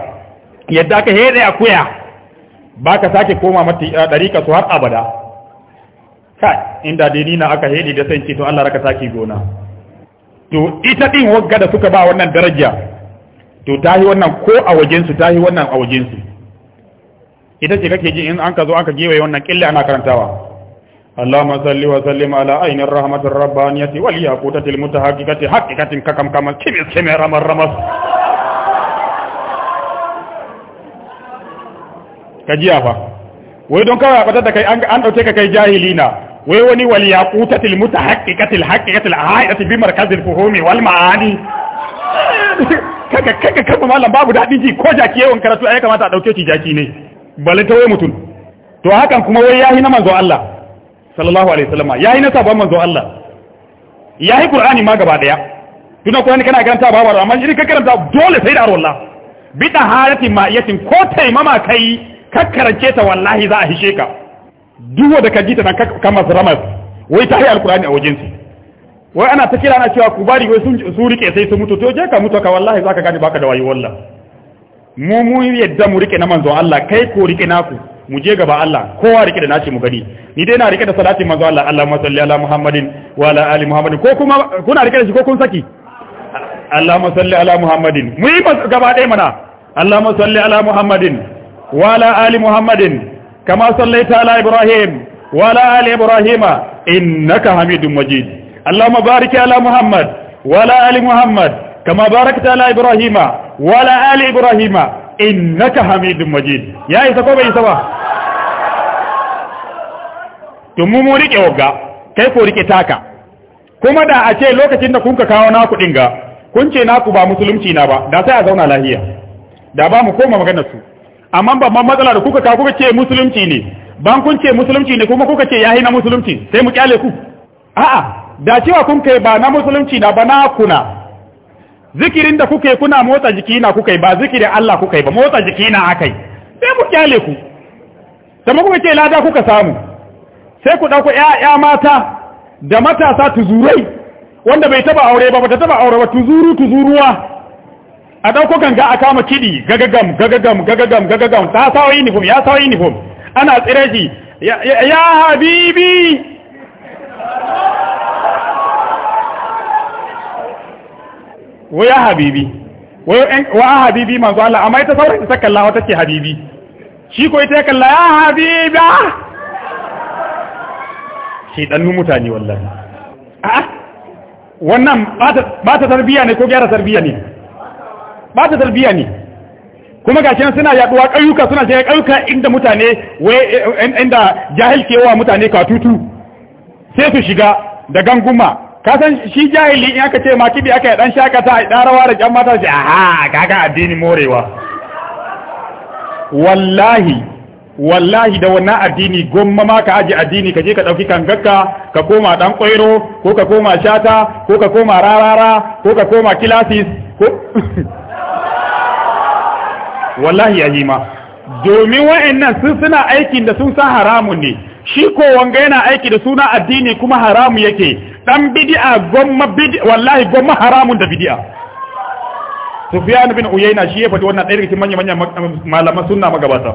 yadda ka heɗe a kuya ba ka sake koma mata ka su har abada ka inda dai na aka heɗe da sanci to Allah raka sake gona to ita ɗin wagga da suka ba wannan daraja to ta yi wannan ko a wajensu ta yi wannan a wajensu ita ce kake ji in an ka zo an ka gewaye wannan ƙille ana karantawa اللهم صل وسلم على عين الرحمة الربانية والياقوتة المتحققة حقيقة ككم كما كمس كم رمى الرمس kajiya fa wai don kawai a da kai an dauke ka kai jahili na wai wani wal yaqutatil mutahaqqiqatil haqiqatil aayati bi markazil fuhumi wal maani kaga kaga kaga mallam babu dadin ji ko jaki yawan karatu ai kamata a dauke shi jaki ne balle wai mutum to hakan kuma wai yahi na manzo Allah sallallahu alaihi wasallama yayi na sabon manzo Allah yayi qur'ani ma gaba daya tunda qur'ani kana karanta ba wara amma idan ka karanta dole sai da arwalla bi ma yatin ko taimama kai ka karance ta wallahi za a hishe ka duk wanda ka ji ta nan kamar ramas wai ta yi alqur'ani a wajen su wai ana ta kira ana cewa ku bari wai sun su rike sai su mutu to je ka mutu ka wallahi zaka gane baka da wayi wallahi mu mu yadda mu rike na manzo Allah kai ko rike naku mu je gaba Allah kowa rike da nashi mu gani ni dai na rike da salatin manzo Allah Allahumma salli ala Muhammadin wa ala ali Muhammadin ko kuma kuna rike da shi ko kun saki Allahumma salli ala Muhammadin mu yi gaba ɗaya mana Allahumma salli ala Muhammadin wa ala ali Muhammadin kama sallaita ala Ibrahim wa ala ali Ibrahim innaka Hamidum Majid Allahumma barik ala Muhammad wa ala ali Muhammad kama barakta ala Ibrahim wa ala ali Ibrahim innaka hamidun majid ya isa ko bai isa ba to mu mu rike wagga kai ko rike taka kuma da a ce lokacin da kunka kawo naku dinga, ga kun ce naku ba musulunci na ba da sai a zauna lahiya da ba mu koma magana su amma ma matsala da kuka kawo kuka ce musulunci ne ban kun ce musulunci ne kuma kuka ce yahi na musulunci sai mu kyale ku a'a da cewa kun kai ba na musulunci na ba na kuna zikirin da kuke kuna motsa jiki na kuka ba zikirin Allah kuka ba motsa jiki na akai sai mu kyale ku sama kuka ce lada kuka samu sai ku dauko ƴaƴa mata da matasa tuzurai wanda bai taba aure ba bata taba aure ba tuzuru tuzuruwa a dauko ganga a kama kidi gagagam gagagam gagagam gagagam ta sawo uniform ya sawo uniform ana tsiraji ya habibi wai ya habibi wai wa habibi manzo Allah amma ita saurayi ta kalla wa ce habibi shi ko ita kalla ya habiba shi dannu mutane wallahi a wannan ba ta tarbiya ne ko gyara tarbiya ne ba ta tarbiya ne kuma gashi nan suna yaduwa ƙauyuka suna shiga ƙauyuka inda mutane wai inda jahil kewa mutane tutu sai su shiga da ganguma ka san shi jahili in aka ce ma kiɗi aka yi ɗan shakata a ɗan rawa da ƴan mata shi aha kaga addini morewa wallahi wallahi da wannan addini gomma ma ka aji addini ka je ka ɗauki kangakka ka koma ɗan ƙwairo ko ka koma shata ko ka koma rarara ko ka koma kilasis ko wallahi ya ma domin wa'annan sun suna aikin da sun san haramun ne shi ko wanga yana aiki da suna addini kuma haramu yake dan bid'a gomma bid'a wallahi gomma haramun da bid'a Sufyan bin Uyayna shi ya fadi wannan ɗaya daga cikin manyan manyan malaman sunna magabata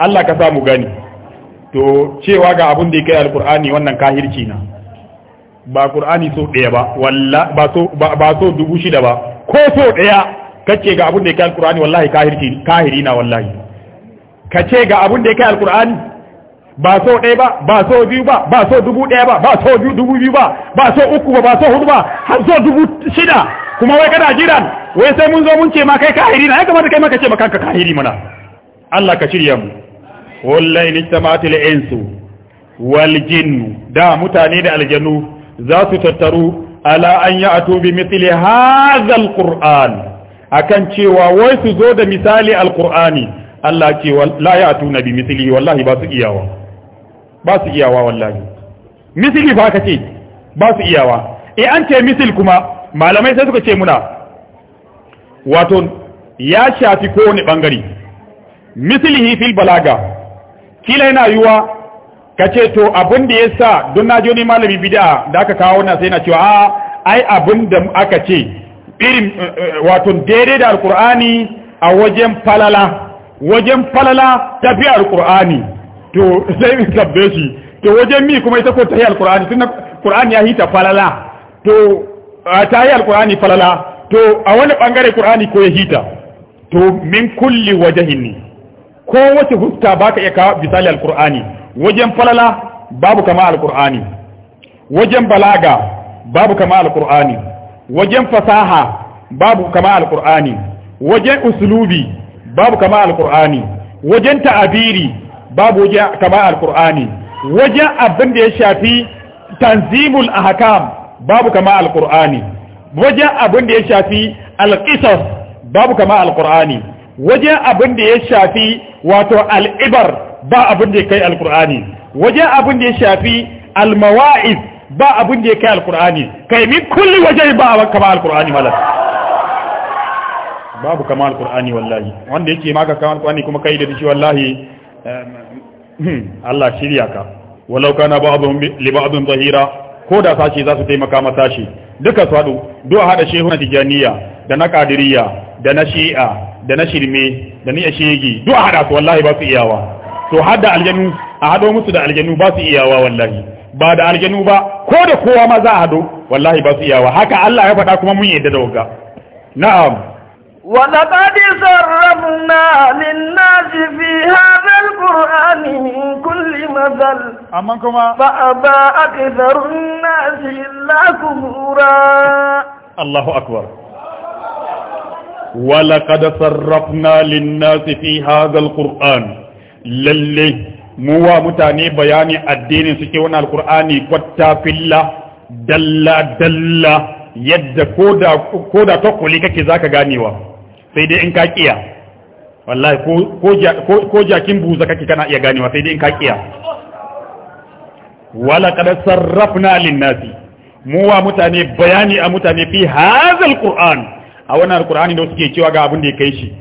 Allah ka samu gani to cewa ga abun da ya kai alqur'ani wannan kahirci na ba qur'ani so ɗaya ba walla ba so ba so dubu shida ba ko so ɗaya kace ga abun da ya kai alqur'ani wallahi kahirci kahiri na wallahi kace ga abun da ya kai alqur'ani ba so ɗaya ba ba so biyu ba ba so dubu ɗaya ba ba so dubu biyu ba ba so uku ba ba so hudu ba har so dubu shida kuma wai kana jiran wai sai mun zo mun ce ma kai kahiri na ya kamata kai maka ce ma kanka kahiri mana Allah ka shirya mu wallahi listamatul insu wal jinnu da mutane da aljanu za su tattaru ala an ya'tu bi mithli hadha alquran akan cewa wai su zo da misali al alqur'ani Allah ce la ya'tuna bi mithlihi wallahi ba su iyawa ba su iyawa wallahi misili fa aka ce ba su iyawa e an ce misil kuma malamai sai suka ce muna wato ya shafi kowane bangare misili fil balaga kila yana yuwa ka ce to abin da ya sa don na ni malami bida da aka kawo na sai na cewa a ai abin da aka ce irin eh, eh, wato daidai da alkur'ani a wajen falala wajen falala tafi alkur'ani to sai in tabbe shi to wajen mi kuma ita ko ta yi alkur'ani qur'ani ya hita falala to ta yi alkur'ani falala to a wani bangare qur'ani ko ya hita to min kulli wajahin ni ko wace huska baka iya kawo bisali alkur'ani wajen falala babu kama alqur'ani wajen balaga babu kama alqur'ani wajen fasaha babu kama alqur'ani wajen uslubi babu kama alkur'ani wajen ta'abiri babu waje kama alkur'ani wajen abin da ya shafi tanzimul ahkam babu kama alkur'ani wajen abin da ya shafi alqisas babu kama alkur'ani wajen abin da ya shafi wato al'ibar ba abin da ya kai alkur'ani wajen abin da ya shafi almawa'iz ba abin da ya kai alkur'ani kai min kulli waje ba kama alkur'ani malaka babu kama alkur'ani wallahi wanda yake maka kama alkur'ani kuma kai da shi wallahi eh, Allah shirya ka walau kana ba'dhum li ba'dhin zahira ko da sashi za su taimaka ma sashi duka su hadu du'a hada shehu na tijaniya da na qadiriyya da na shi'a da na shirme da ni shegi duwa hada su wallahi ba su iyawa to hada aljanu a hado musu da aljanu ba su iyawa wallahi ba da aljanu ba ko da kowa ma za a hado wallahi ba su iyawa haka Allah ya faɗa kuma mun yadda da wuga na'am ولقد صرفنا للناس في هذا القرآن من كل مثل أمن كما فأبى أكثر الناس إلا كفورا الله أكبر ولقد صرفنا للناس في هذا القرآن للي موا متاني بياني الدين سكيونا القرآن كتا في الله دلا دلا يد كودا كودا تقولي كي ذاك غانيوا sai dai in ka wallahi ko jakin buza kake kana iya ganewa sai dai in ka kiya wala kada sarrafna linnasi mu wa mutane bayani a mutane fi hazal qur'an a wannan alqur'ani da suke cewa ga abin da ya kai shi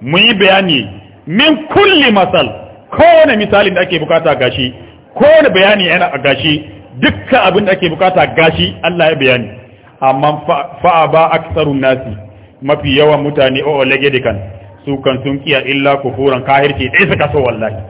mun yi bayani min kulli masal kowane misalin da ake bukata gashi kowane bayani yana a gashi dukkan abin da ake bukata gashi Allah ya bayani amma fa ba aktsarun nasi mafi yawan mutane o oh, lage da kan su kan sun kiya illa kufuran kahirci dai suka so wallahi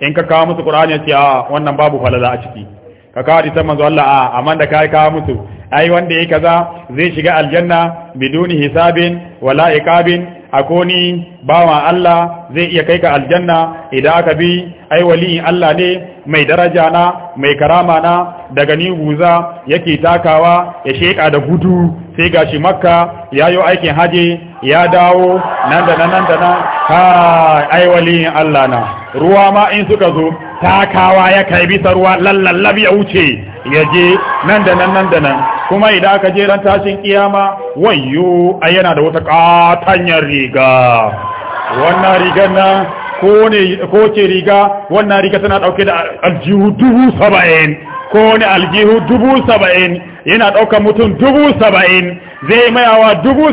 in ka kawo musu qur'ani ya ce a ah, wannan babu falala a ciki ka kawo hadisan manzo Allah a ah, amma da kai kawo musu ai wanda yake kaza zai shiga aljanna biduni hisabin wala iqabin akoni bawa Allah zai iya kai ka aljanna idan aka bi ai waliyin Allah ne mai daraja na mai karama na daga ni guza yake takawa ya sheka da gudu sai gashi makka ya yi aikin haje ya dawo nan da nan da nan ha ai waliyin Allah na ruwa ma in suka zo takawa ya kai bisa ruwa lallallabi ya wuce ya je nan da nan da nan kuma idan aka je ran tashin kiyama wayyo ai yana da wata katanyar riga wannan rigar nan ko ne ko ce riga wannan riga tana dauke da aljihu dubu ko ne aljihu dubu yana daukar mutum dubu zai mayawa dubu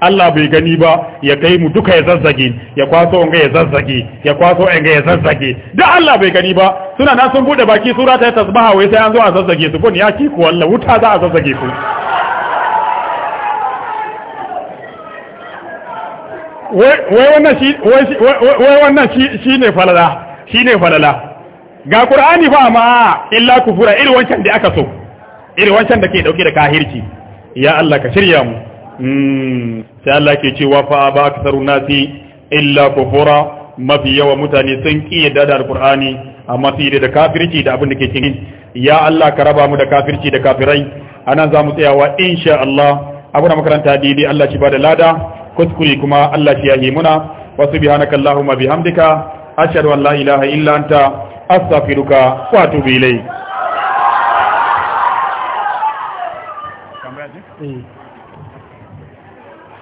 Allah bai gani ba ya kai mu duka ya zazzage ya kwaso in ga ya zazzage ya kwaso in ga ya zazzage duk Allah bai gani ba suna na sun bude baki sura ta tasbaha wai sai an zo a zazzage su gun ya ki ku wallahi wuta za a zazzage ku wai wannan shi wai shi shine falala ne falala ga Qur'ani fa ma illa kufura irin wancan da aka so irin wancan da ke dauke da kahirci ya Allah ka shirya mu Hmm. sai Allah ke cewa fa ba aktharu nasi illa kufura mafi yawa mutane sun ki yadda da kur'ani amma su da kafirci da abin da ke cikin ya Allah ka raba mu da kafirci da kafirai anan za mu tsayawa insha Allah abu da makaranta daidai Allah shi bada lada kuskure kuma Allah shi yahi muna wa subhanaka allahumma bihamdika ashhadu an la ilaha illa anta astaghfiruka wa atubu ilayk